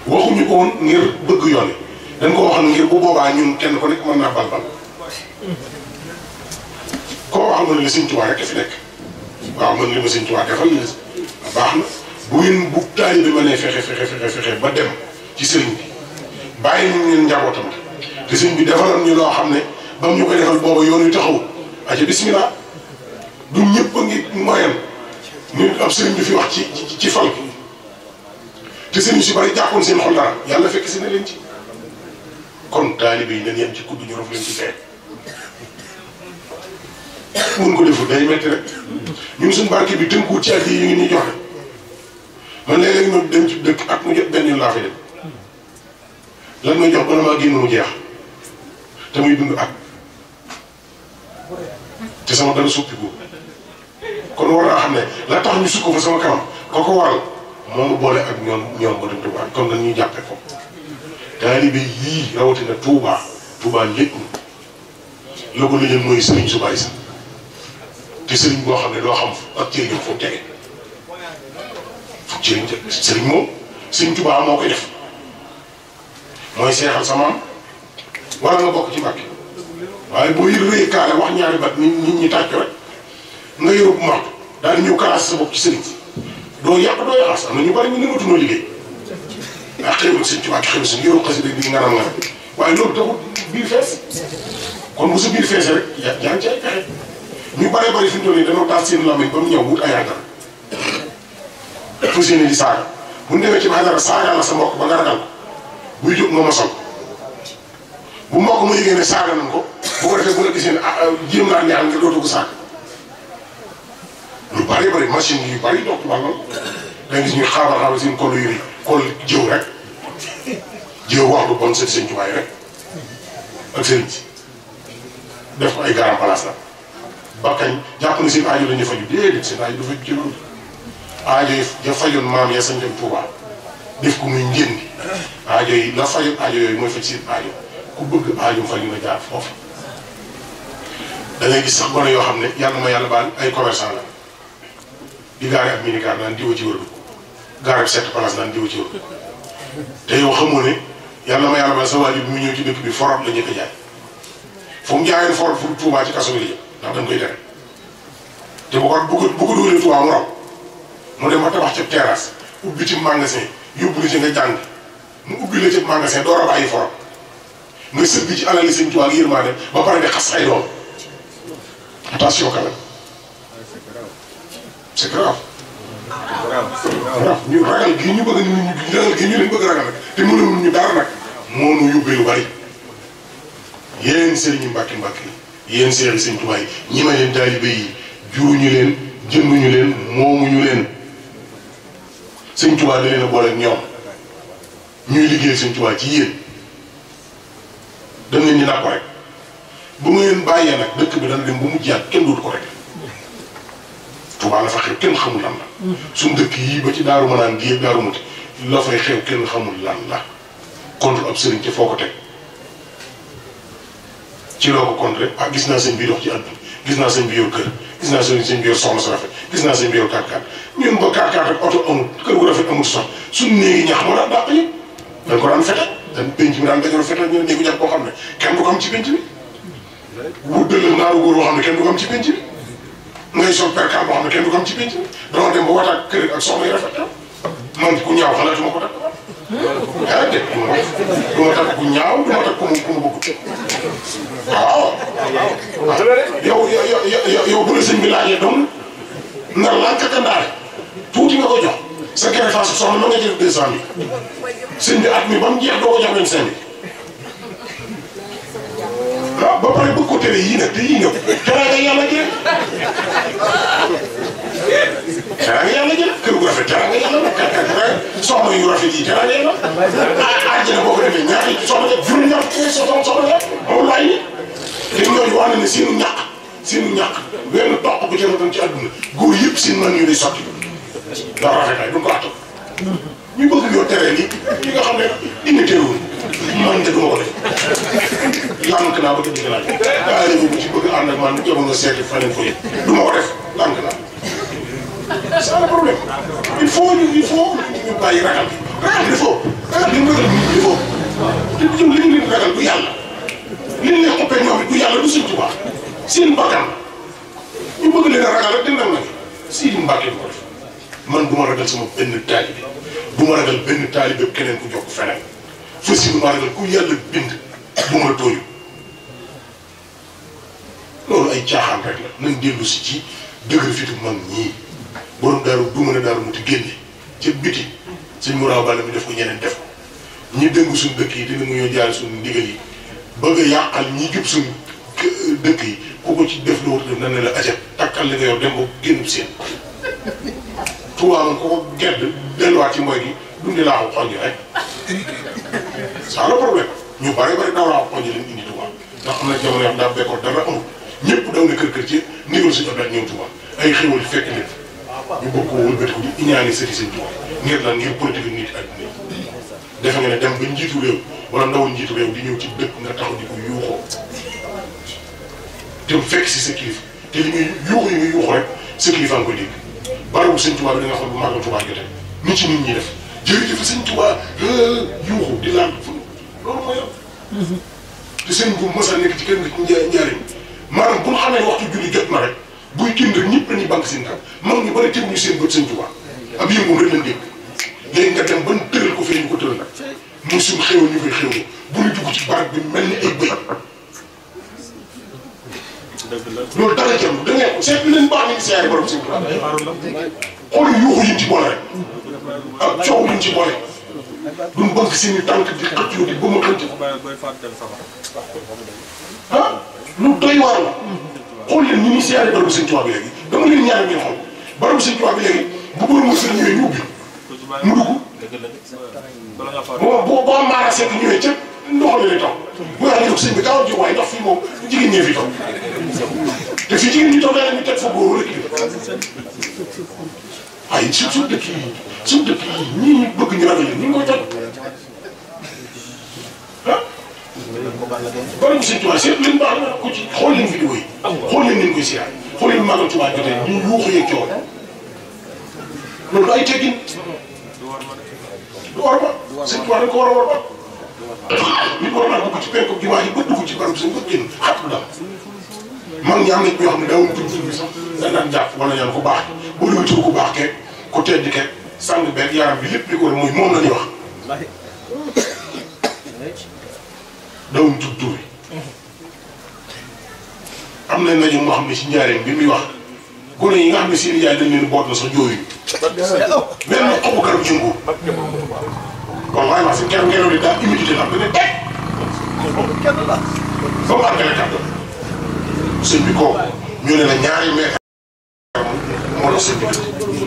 waxuñu ko ngir bëgg yoon dañ ko waxoon ngir bu boobaa ñun kenn ku nekk mën naa balbal koo waxal ma ne li Sëñ Tuubaa rek fi nekk waaw man li ma Sëñ Tuubaa defal na fexe fexe fexe ba dem ci sëriñ bi bàyyi ñu ngeen njabootam te sëriñ bi defaloon ñu loo xam ne ba ñu koy defal booba yoon yu taxawul aca a ngi moyen ñu ab sëriñ bi fi wax ci ci fal te sëriñ si bari jàppoon seen xol dara yàlla fekk si na leen ci kon taalibe yi nañ yem ci kudd ñu rof leen ci fee ko deful day métti rek ñun suñu bi tënkuwut ci yi ñu ngi ñuy joxe man léeg-léeg ma dem ci dëkk ak mu jot benn yoon laa fa dem lan ma jox ba maa génn mu jeex te muy dund at te sama dara soppiku kon war xam ne la tax ñu sukk fa sama kanam kooku waral moo ma boole ak ñoom ñoom ba dem tubaab kon dañ ñuy ko. taalibe yii rawatina Touba Touba lépp la ko lëjal mooy sëriñ su bari sax te sëriñ boo xam ne doo xam ak cëriñam fu mu tege fu cëriñ sëriñ moom sëriñ Touba moo koy def mooy seexal sa maam wala nga bokk ci mbàkk waaye boo yëree kaale wax ñaari bat nit ñi ñu tàcc rek nga yërub mort daal ñëw kalaas sa bopp ci sëriñ doo yàq doo yàq am na ñu bari ñu ne ma liggéey. ndax xëy na suñ tubaab xëy na suñ yoroo xasida bi nga naan waaye loolu taxul biir fees kon bu sa biir feesee rek yaa yaa mu toll nii dañoo taal seen làmmiñ ba mu ci xadara saaga la sa mbokk ba nga ragal buy jóg nañ ko bu ko defee bu la gisee ne ah jéem naa ñaan nga bari bari machine yu bari doog wàllam da ngay gis ñuy xaaral xaaral seen kolo yu rëy. xool jiw rek jiw wax lu bon seen seen cubaay rek ak sëriñ def ko ay garam place la ba kañ jàpp na seen aajo dañuy faju déedéet seen aajo dafa ci loolu yi ja fajoon maam ya sañ dem yooyu mooy faj seen aajo ku bëgg aajo faju nga jaar foofu da ngay sax gone yoo xam ne yàlla ma yàlla baal ay commerçant la di gaare ak minicar naan diwa ci wërdu gaa yu set place naan diw ci woon te yow xamoo ne yàlla ma yàlla ba sa waajur bi mu ñëw ci dëkk bi forot la njëkk a jaay fu mu jaayoon forot fu Tuubaa ci kaso bi la jëm ndax koy tere te bu ko bu ko bu ko dugalee Tuubaa mu raw dem ba tabax ca terrasse ubbi ci magasin yóbbu la ci nga jàng mu ubbi la ci magasin door a bàyyi forot nga sëb bi ci alali sëñ Tuubaa gi ba pare di xas ay doom attention quand même waaw ñu ragal gi ñu bëgg ñu ragal gi ñu leen bëgg ragal te mënul ñu dara nag moo ñu yóbbee lu bari yéen sëriñu mbàkki mbàkki yi yéen seeri sëñ tubaay ñi ma leen taalibe yi juruñu leen jënduñu leen moomuñu leen sëñ tubaa leen a boole ñoom ñuy liggéey sëñ tubaa ci yéen dañ leen di nàpp rek bu ngeen bàyyee nag dëkk bi dana dem bu mu jaat kenn dootu ko rek Touba la fa xew kenn xamul lan la. suñu dëkk yii ba ci Daaru Manaan gi ak Daaru Muti la fay xew kenn xamul lan la contre ab sëriñ ci foo ko teg ci loo ko contre ah gis naa seen bi dox ci àdduna gis naa seen bi yor kër gis naa seen seen bi yor soxna rafet gis naa seen bi yor kàr-kàr ñun ba kàr-kàr ak oto amul kër gu rafet amul sox suñu néegi ñax moo daan dàq ñëpp dañ ko daan fete dañ penc mi daan dajoo fete ñu ne néegu ñax boo xam ne kenn du ko am ci penc bi wuddale xam ne ngay sol perkaal boo xam ne kenn du ko am ci pénc dama dem ba wataak ak soxna yi rafet man ku ñaaw xalaatuma ko takk ah dégg nga ma ku ñaaw du ma takk ku mu ku mu bëgg waaw. yow bu la sëñ bi ak mi ba mu jeex doo ko jox vingt cinq mille waaw ba pare bëgg ko tere yii nag te yii nag teraanga yàlla jël teraanga yàlla jël kër gu rafet teraanga yàlla la kàr kàr soxna yu rafet yi teraanga yàlla ah àjjana boo ko defee ñaari soxna yëpp juróom ñaar soxna soxna yëpp amul laaj yi te ñooñu wax na ne seenu ñàkk seenu ñàkk benn toq bu jëloon ci àdduna góor yëpp seen mën yu lay sotti ndax rafetaay duñ ko attan ñu bëgg yoo tere li ñi nga xam ne indi teewul man de du ma ko def lànk naa ba te bëgg naa a ragal rek dinañ la man bu ma ragal sama benn taalibe bu ma ragal benn taalibe keneen ku jokk feneen fas yi bu ragal ku yàlla bind bu ma tooyu loolu ay caaxaan rek la nañ dellu si ci dëgër fitu mag ñii borom daaru du mën a daaru mu ti génne ca biti suñ muraaw bàll mi def ko ñeneen def ko ñu dëngu suñ yi ñi jub suñ dëkk yi ku ko ci def lu war def ne la ajab takkal li nga yor dem ba génn seen tubaab ko ko gedd delluwaat ci mooy gi dundi laaxu xonj rek c'est le problème ñu bari bari daw laaxu xonj lañ indi tubaab ndax am na jamono yoo daa bekkoon dara amul ñëpp daw na kër kër ci ndigal suñu ablaat ñëw Tuuba ay xéwal fekk leen ñu bokk wëlbatiku di iñaani sëti sëñ Tuuba ngir lan ngir politique nit àddina defe nga ne dem ba njiitu ñëw ci dëkk nga taxaw di ko yuuxoo te fekk si sa kilifa te li muy yuuxu yi muy yuuxu rek sa kilifa nga ko dégg barabu sëñ Tuuba bi da nga xam bu màggal jotee nit ñi def jërëjëf sëñ Tuuba yuuxu di laal fu loolu mhm. te sëñ bu mas nekk ci kenn nit njariñ maanaam bu mu xam ne waxtu julli jot na rek buy génn rek ñëpp dañuy banque seen tànk mag ñu bari teguñu seen bët seen jubaa am yëngoom rek lañ nga dem ban tëral ko fee ñu ko tëral nag mu suñ xew ñu koy xew bu ñu dugg ci baat bi mel ni ay bëy loolu dara jarul da ngay seet bi leen baax ni siyaare borom seen tànk xool yuuxu yiñ ci boole rek ak coow yiñ ci boole duñ banque seen i tànk di xëccoo di ba ma xëcc ah lu doy waar la xool leen ñu ngi siyaare barabu sëñ Tuubaa bi léegi dama leen ñaari ngeen xool barabu sëñ Tuubaa bi léegi bu góor mu sëñ ñëwee ñu ubbi mu dugg boo boo boo maara seet ñëwee ca ndoxam lay taw bu yaa ngi sëñ bi gaawal ji waaye ndax fii moom jigéen ñee fi taw te fii jigéen ñi taw daanaka ñu teg fa góor rek waaye su su dëkk yi su dëkk yi ñii ñu bëgg ñu ragal ñu ngi koy toj ah borom Sëñ Tuubaa seet leen baax na ku ci xool leen vidéo yi xool leen nañ koy siyaar xool leen Màggal Tuubaa jotee ñu yuuxu yeeg coow loolu ay teggin du orma Sëñ Tuubaa dañ ko war a war nit war naa dugg ci penku jumaa yi ba dugg ci barab sëñ ba génn xatu dal mag ñi am na ñoo xam ne daawul tuñ bi sax dañ daan jàpp wala ñaan ko baax boo dee tur ku baax keeg ku tedd keeg sàng beeg yaram bi lépp li ko war mooy moom la ñuy wax dawum tudd tuubi am na ndaje moo xam ne si njaareem bi muy wax gone yi nga xam ne seen yaay dañ leen boot na sax mel na xobu garab jungu kon waaye wax si keroog da ne teg ba mu àggale kàddu sëñ bi kooku ñu ne la ñaari mètre moo dox seen diggante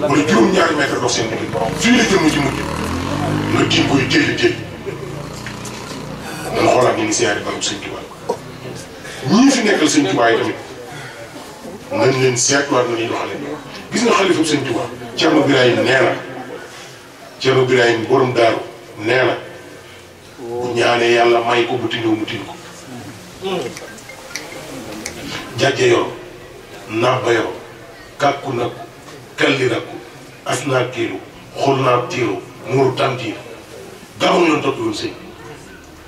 wala fii la jëm ci mujj nga tiim koy jëli jëli dañu xoolaat ñu ngi siyaare barab sëñ Tuubaa ñii fi nekkal sëñ Tuubaa yi tamit nañ leen seetluwaat na ñuy nee na Cerno Birahim borom daaru nee na bu ñaanee yàlla may ko bu tindoo mu tin ko jajje yoro nabba kàkku nakku kalli rakku as naa naa tiiru muuru tam tiiru gaaw ñoon topp yoon sëñ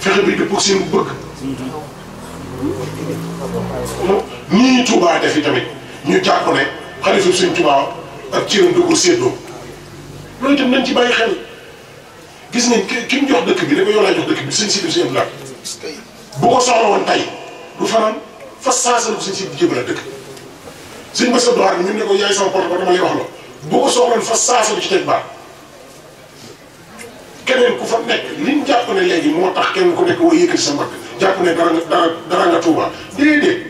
fexe bi dëppoo ak seen bëgg. nii ñu Touba def yi tamit ñu jàpp ne xalifa suñ Touba ak cëram dugul séddoo loolu itam nañ ci bàyyi xel gis nañ ki ki mu jox dëkk bi da ko yow laa jox dëkk bi sëñ si def seen bu ko soxla woon tey du fanaan fas saasal ko sëñ si jébal a dëkk sëñ Massa Doar ñun ne ba la keneen ku fa nekk liñ jàpp ne léegi moo tax kenn ku nekk woo yëkkati sa mbagg jàpp ne dara dara dara nga Touba déedéet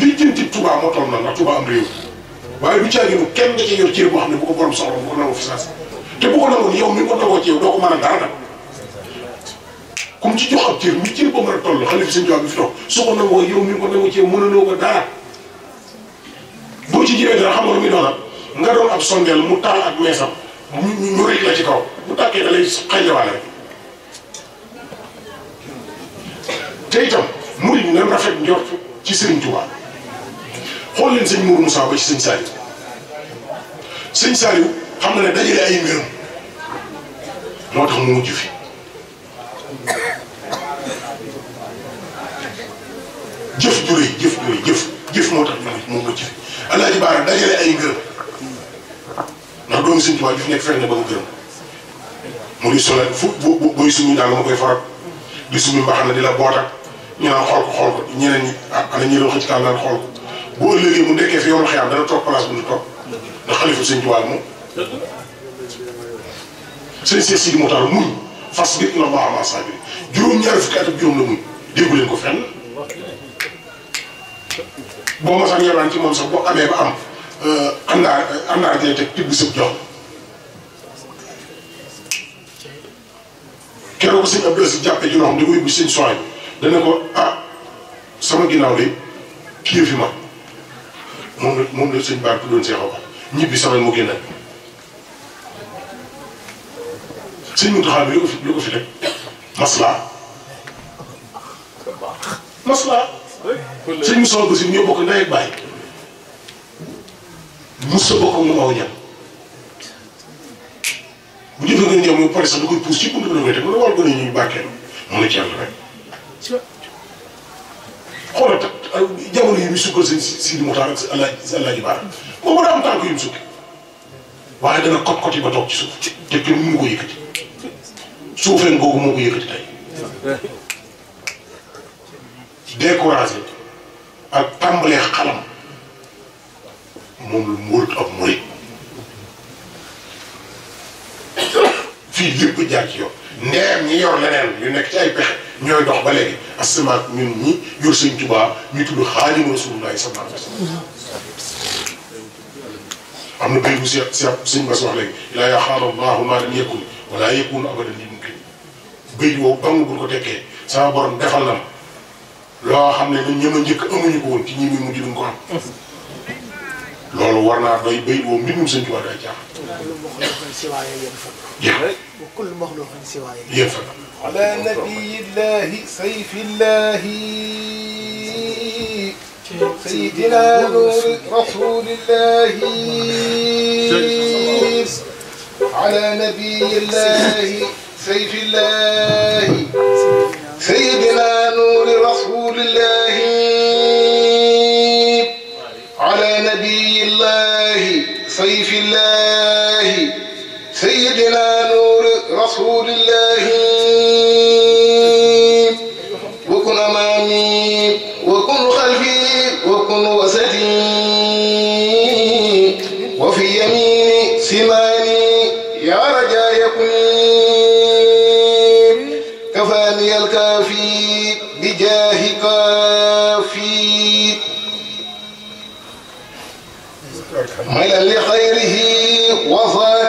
li jënti Touba moo toll na ndax Touba am réew waaye du kenn da boo xam ne bu ko borom soxla bu ko nangoo fi saas te ko nangoon yow mi ko ko mën a dara nag mu ci jox ab cër mi cër ba mën a toll xale bi seen jaww bi fi toog su ko nangoo yow mi ko nangoo ci yow mënuloo ko dara boo ci jëlee dara xam nga lu muy doon nga ab sondeel mu taal ak meesam ñu ñu rëy la ci kaw bu tàkkee da lay xaymaale rek te itam murid yi nan rafet ci Serigne Touba xool leen sëñ Mourou Moussa ci sëñ Saliou sëñ Saliou xam nga ne dajale ay mbiram moo tax mu mujj fi jëf ju jëf ju jëf jëf moo tax mu mujj fi Alaaji Baara dajale ay mbiram. ndax doomu Sëñ Tuubaa ju fi nekk fekk na ba mu mu koy faral suñu mbaax di la boot ak ñu naan xool ko xool ko ñeneen ah ko boo ëllëgee mu dekkee fi yoonu xëyam dana toog place bu juróom la muñ déggu ko fenn boo ma sax ñoraan ci moom sax boo amee ba am. andaa andaa jee teg tibb sëb jox keroog sëñ Abdou Aziz jàppe ci loxoom di ko yóbbu sëñ sooy dana ko ah sama ginnaaw de kii fi ma moom la moom la sëñ Bara tuddoon seexoo ko ñibbi sama mu génne sëñ Mountakha bi lu ko fi lu ko fi teg maslaa maslaa sëñ Moussa Bassirou ñoo bokk ndey ak baay musa bokk mu aw ñam bu pare sax da koy pousse ci buntu bi da koy kot kot ba toog ci suuf te kenn mënu ko yëkkati suufeen googu moo ko yëkkati tey découragé ak tàmbalee xalam. moom lu mu warut ab murit fii lépp jaar ci yoon ndeem ñi yor leneen ñu nekk ci ay pexe ñooy dox ba léegi asamaan ñu ñi yor sëñ Tuubaa ñu tudd Xaadimu Rasuulullaahi sallallaahu alayhi wa sallam am na béy bu si si sëñ Bas wax léegi laa yaxaar allaahu maa lam yakun wala ko tekkee sama borom defal na ma loo xam ne ñun ñëma njëkk amuñu ko woon ci ñi muy mujj duñ ko am lolu warna doy béy boobu mbindum seigne touba day وكل مخلوق على نبي الله سيف الله سيدنا نور رسول الله على نبي الله سيف الله سيدنا نور رسول الله سيف الله سيدنا نور رسول الله من لخيره وصالح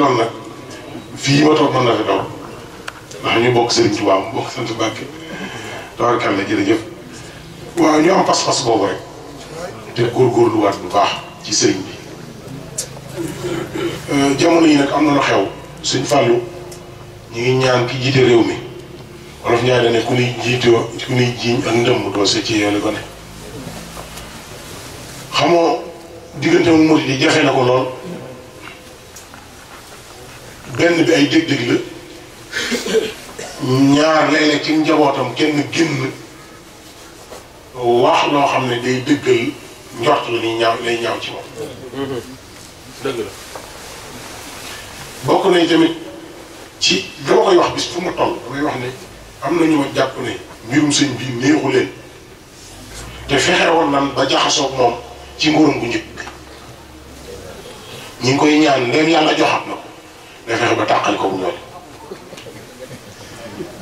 loolu nag fii ma toog mën na fi doon ndax ñu bokk Serigne Touba mu bokk sant Mbàkke tawarkal la jërëjëf waaw ñu am pas-pas boobu rek te góorgóorluwaat bu baax ci sëriñ bi euh, jamono yi nag am na lu xew suñ fàllu ñu ngi ñaan ki jiite réew mi wolof ñaar dane ku nuy jiitoo ku nuy jiiñ ak ndëmm doo see ci yoole ko ne xamoo diggante mu murid yi jafe na ko lool benn bi ay dég-dég la ñaar lay ne ci njabootam kenn génn wax loo xam ne day dëggal njort la ni ñaaw lay ñaaw ci moom dëgg la bokk nañ tamit ci dama koy wax bis fu ma toll damay wax ne am na ñu ma jàpp ne mbirum sëñ bi néexu leen te fexe woon nan ba jaxasoog moom ci nguuram bu njëkk bi ñu ngi koy ñaan ndeen yàlla joxaat na ko day fexe ba tàqal ko ñooñu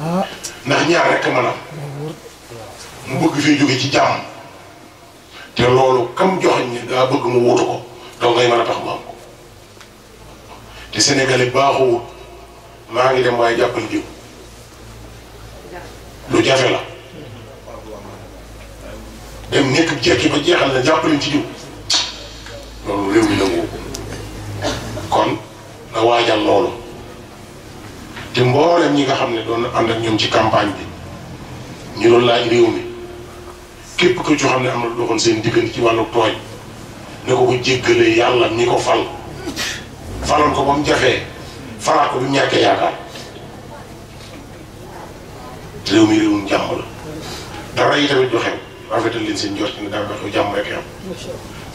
ah. ndax ñaar rek mën a mu bëgg fee jóge ci jàmm te loolu kam joxe ni daa bëgg mu wutu ko doo ngay mën a tax mu am ko te sénégalais baaxul maa ngi dem waaye jàppal jiw lu jafe la dem nekk jekki ba jeexal na jàppale ci jiw loolu réew la a waajal loolu te mboolem ñi nga xam ne doon ànd ak ñoom ci campagne bi ñu doon laaj réew mi képp ku xam ne am na lu seen diggante ci wàllu tooñ ne ko ko jéggalee yàlla ñi ko fal faloon ko ba mu jafee falaat ko bi mu ñàkkee yaakaar réew mi réewum jàmm la dara yi tamit du xew rafetal leen seen njort ne dara du xew jàmm rek am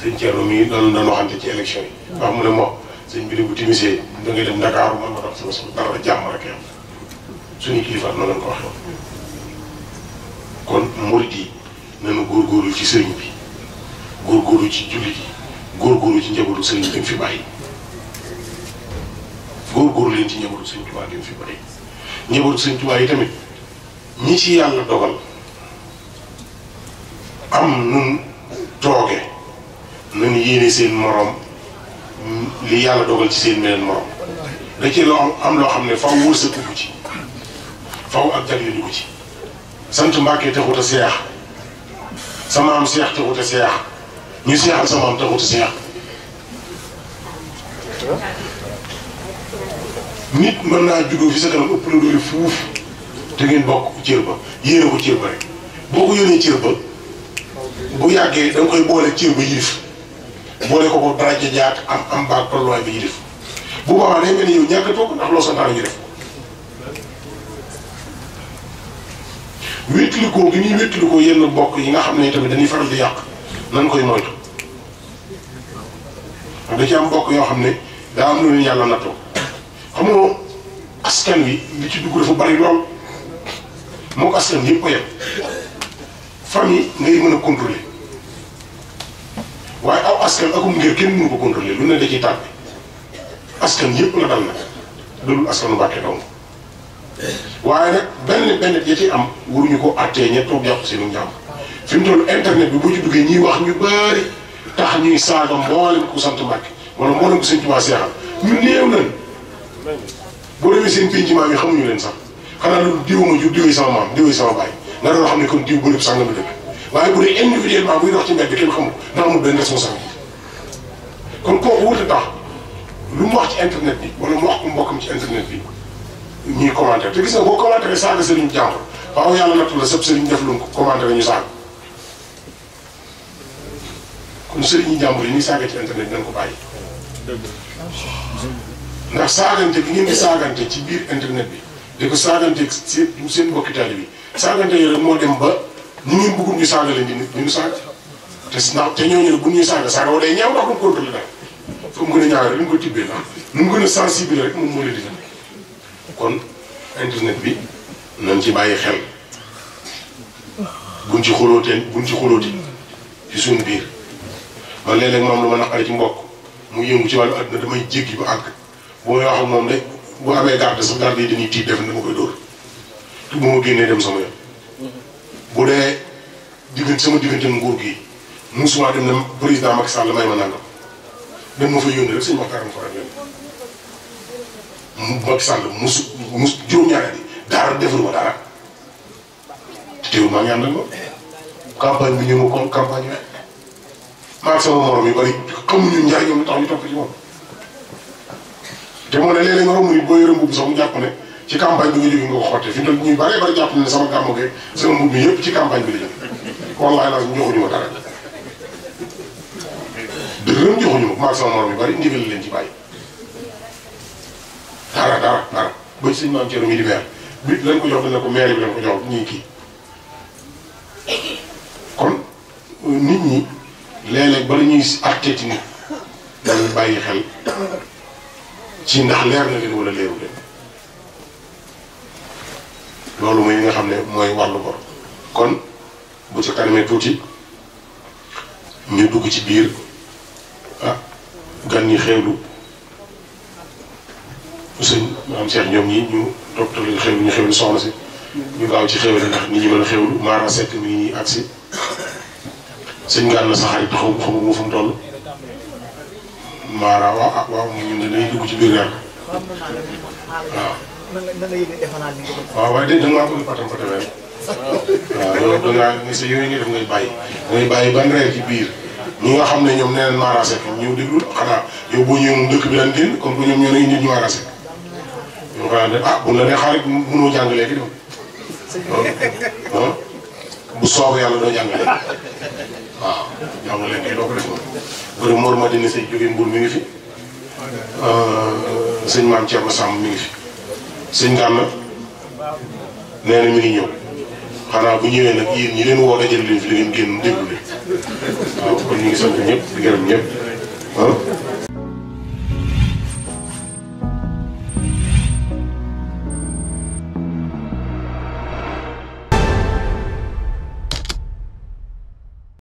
seen ceerno ci élection yi mu ne moom sëñ bi de bu timisee da ngay dem Dakar man ma dox sama sama dara jàmm rek kon murid yi nañu góorgóorlu ci sëriñ bi góorgóorlu ci jullit ci njabootu sëriñ bi fi bàyyi ci njabootu sëriñ Tuubaa bi tamit ñi ci am nun tooge nañu yéene seen moroom li yàlla dogal ci seen beneen morom da ci loo am loo xam ne faw wërsëg dugg ci faw ak jagle dugg ci sant mbàkkee taxut a seex sama am seex taxut a seex ñu seexal a seex nit mën naa juddoo fi sa kanam ëpp la doole fuuf te ngeen bokk cër ba yéene ko cër ba rek boo ko yónnee cër ba bu yàggee da koy boole cër ba yilif boole ko ko braqué jaar am am baag tolluwaay bi ñu def bu boobaa day mel ni yow ñàkk a ndax loo santaane ñu def ko. wéttilikoo gi ñuy wéttilikoo yenn mbokk yi nga xam ne tamit dañuy faral di yàq nan koy moytu ndax da ci am mbokk yoo xam ne daa am lu yàlla nattoo xam nga askan wi li ci dugg dafa bari lool moo ko askan yi yëpp ko yem famille ngay mën a contrôler. waaye aw askan akum ngir kenn mënu ko contrôler lu ne da ciy tàbbi askan yëpp la dal nag dalul askanu Mbàkke dong waaye nag benn benn ya ciy am waruñu ko àttee ñett toog jàpp seenu njàmm fi mu toll internet bi boo ci duggee ñuy wax ñu bari tax ñuy saaga mboolem ku sant Mbàkke wala mboolem ku sëñ Tuubaa seexal ñu néew nañ boo demee seen penc maam xamuñu leen sax xanaa loolu diw ma jur diw sama maam diw sama baay nga doon xam ne kon diw bërëb sàngam waaye bu dee individuellement buy dox ci mbedd kenn xamul da amul benn responsabilité kon kooku wut a lu mu wax ci internet bi wala mu wax ko ci internet bi ñuy commenté te gis nga boo commenté saaga sëriñ jàmbur waaw yàlla nattu la sëb sëriñ def lu mu commenté la ñu saaga kon sëriñu jàmbur yi ñuy saaga ci internet bi nañ ko bàyyi. ndax saagante bi ngeen di saagante ci biir internet bi di ko saagante seen seen mbokki bi saagante yooyu rek moo dem ba. ñi ngeen bëggul ñu saaga leen di nit ñu saaga te naa te ñooñu ne bu ñuy saaga saaga wala day ñaaw ndax du mu contrôlé dara fu ko tibbee la nu mu gën a moom moo leen kon internet bi nañ ci bàyyi xel buñ ci xulóotee buñ ci xulóoti ci suñu moom lu ma naqari ci mbokk mu yëngu ci wàllu àdduna damay jéggi ba àgg bu may wax ak moom de bu amee def na ma koy dóor te bu ma génnee dem sama yoon bu dee diggante sama diggante nguur gi musuma dem ne président Macky Sall may ma nangam dem mo fa yónni rek suñu waxtaan ko rek Macky Sall musu mus juróom-ñaari bi dara deful ma dara teew maa ngi àndal campagne bi ñu ma kon campagne bi maa ngi sama morom yu bëri xamuñu njariñam tax ñu topp ci moom te moo nga romb ni boo yore mbubb ne ci campagne bi nga jógee nga ko xottee fi mu sama gàmm sama mbubb mi yëpp ci campagne bi la jógee wallaay yu bëri ndigal la ci bàyyi dara dara dara lañ ko jox dana ko maire bi nit ñi léeg-léeg bala ñuy àtteeti nit dañuy bàyyi xel ci ndax leer na leen wala leeru leen loolu mooy li nga xam ne mooy wàll ko kon bu ci kanamee tuuti ñu dugg ci biir ah gan ñi xewlu sëñ maam ñoom ñi ñu docteur ñu xewlu ñu xewlu soxna si ñu gaaw ci xewle ndax nit xewlu maara sekk mi ngi ñuy agsi sëñ Gana sa xarit xaw ma xaw ma fu mu toll maara waaw ah waaw ñun dañuy dugg ci biir gan waaw. na nga na nga yëg waaw waaye de da ngaa patam patam waaw loolu da ngaa gis yooyu nga def ngay bàyyi. ngay bàyyi ban reer ci biir ñu nga xam ne ñoom nee nañ maaraase fi dégg comme ñoo doon nit ñu maaraase. ñoo xam ne ah buñ la nee xaarit mënoo jàng léegi dem. bu soobee yàlla doo jàngale waaw jàngale kay doo ko def moom bëri Mor Madina say jóge Mbour mi ngi fi euh, sëñ maam Thierno Samb mi ngi fi. sëñ Gana nee na mi ngi ñëw xanaa bu ñëwee nag yéen ñi leen woo dajale leen fi da ngeen génn déglu ah.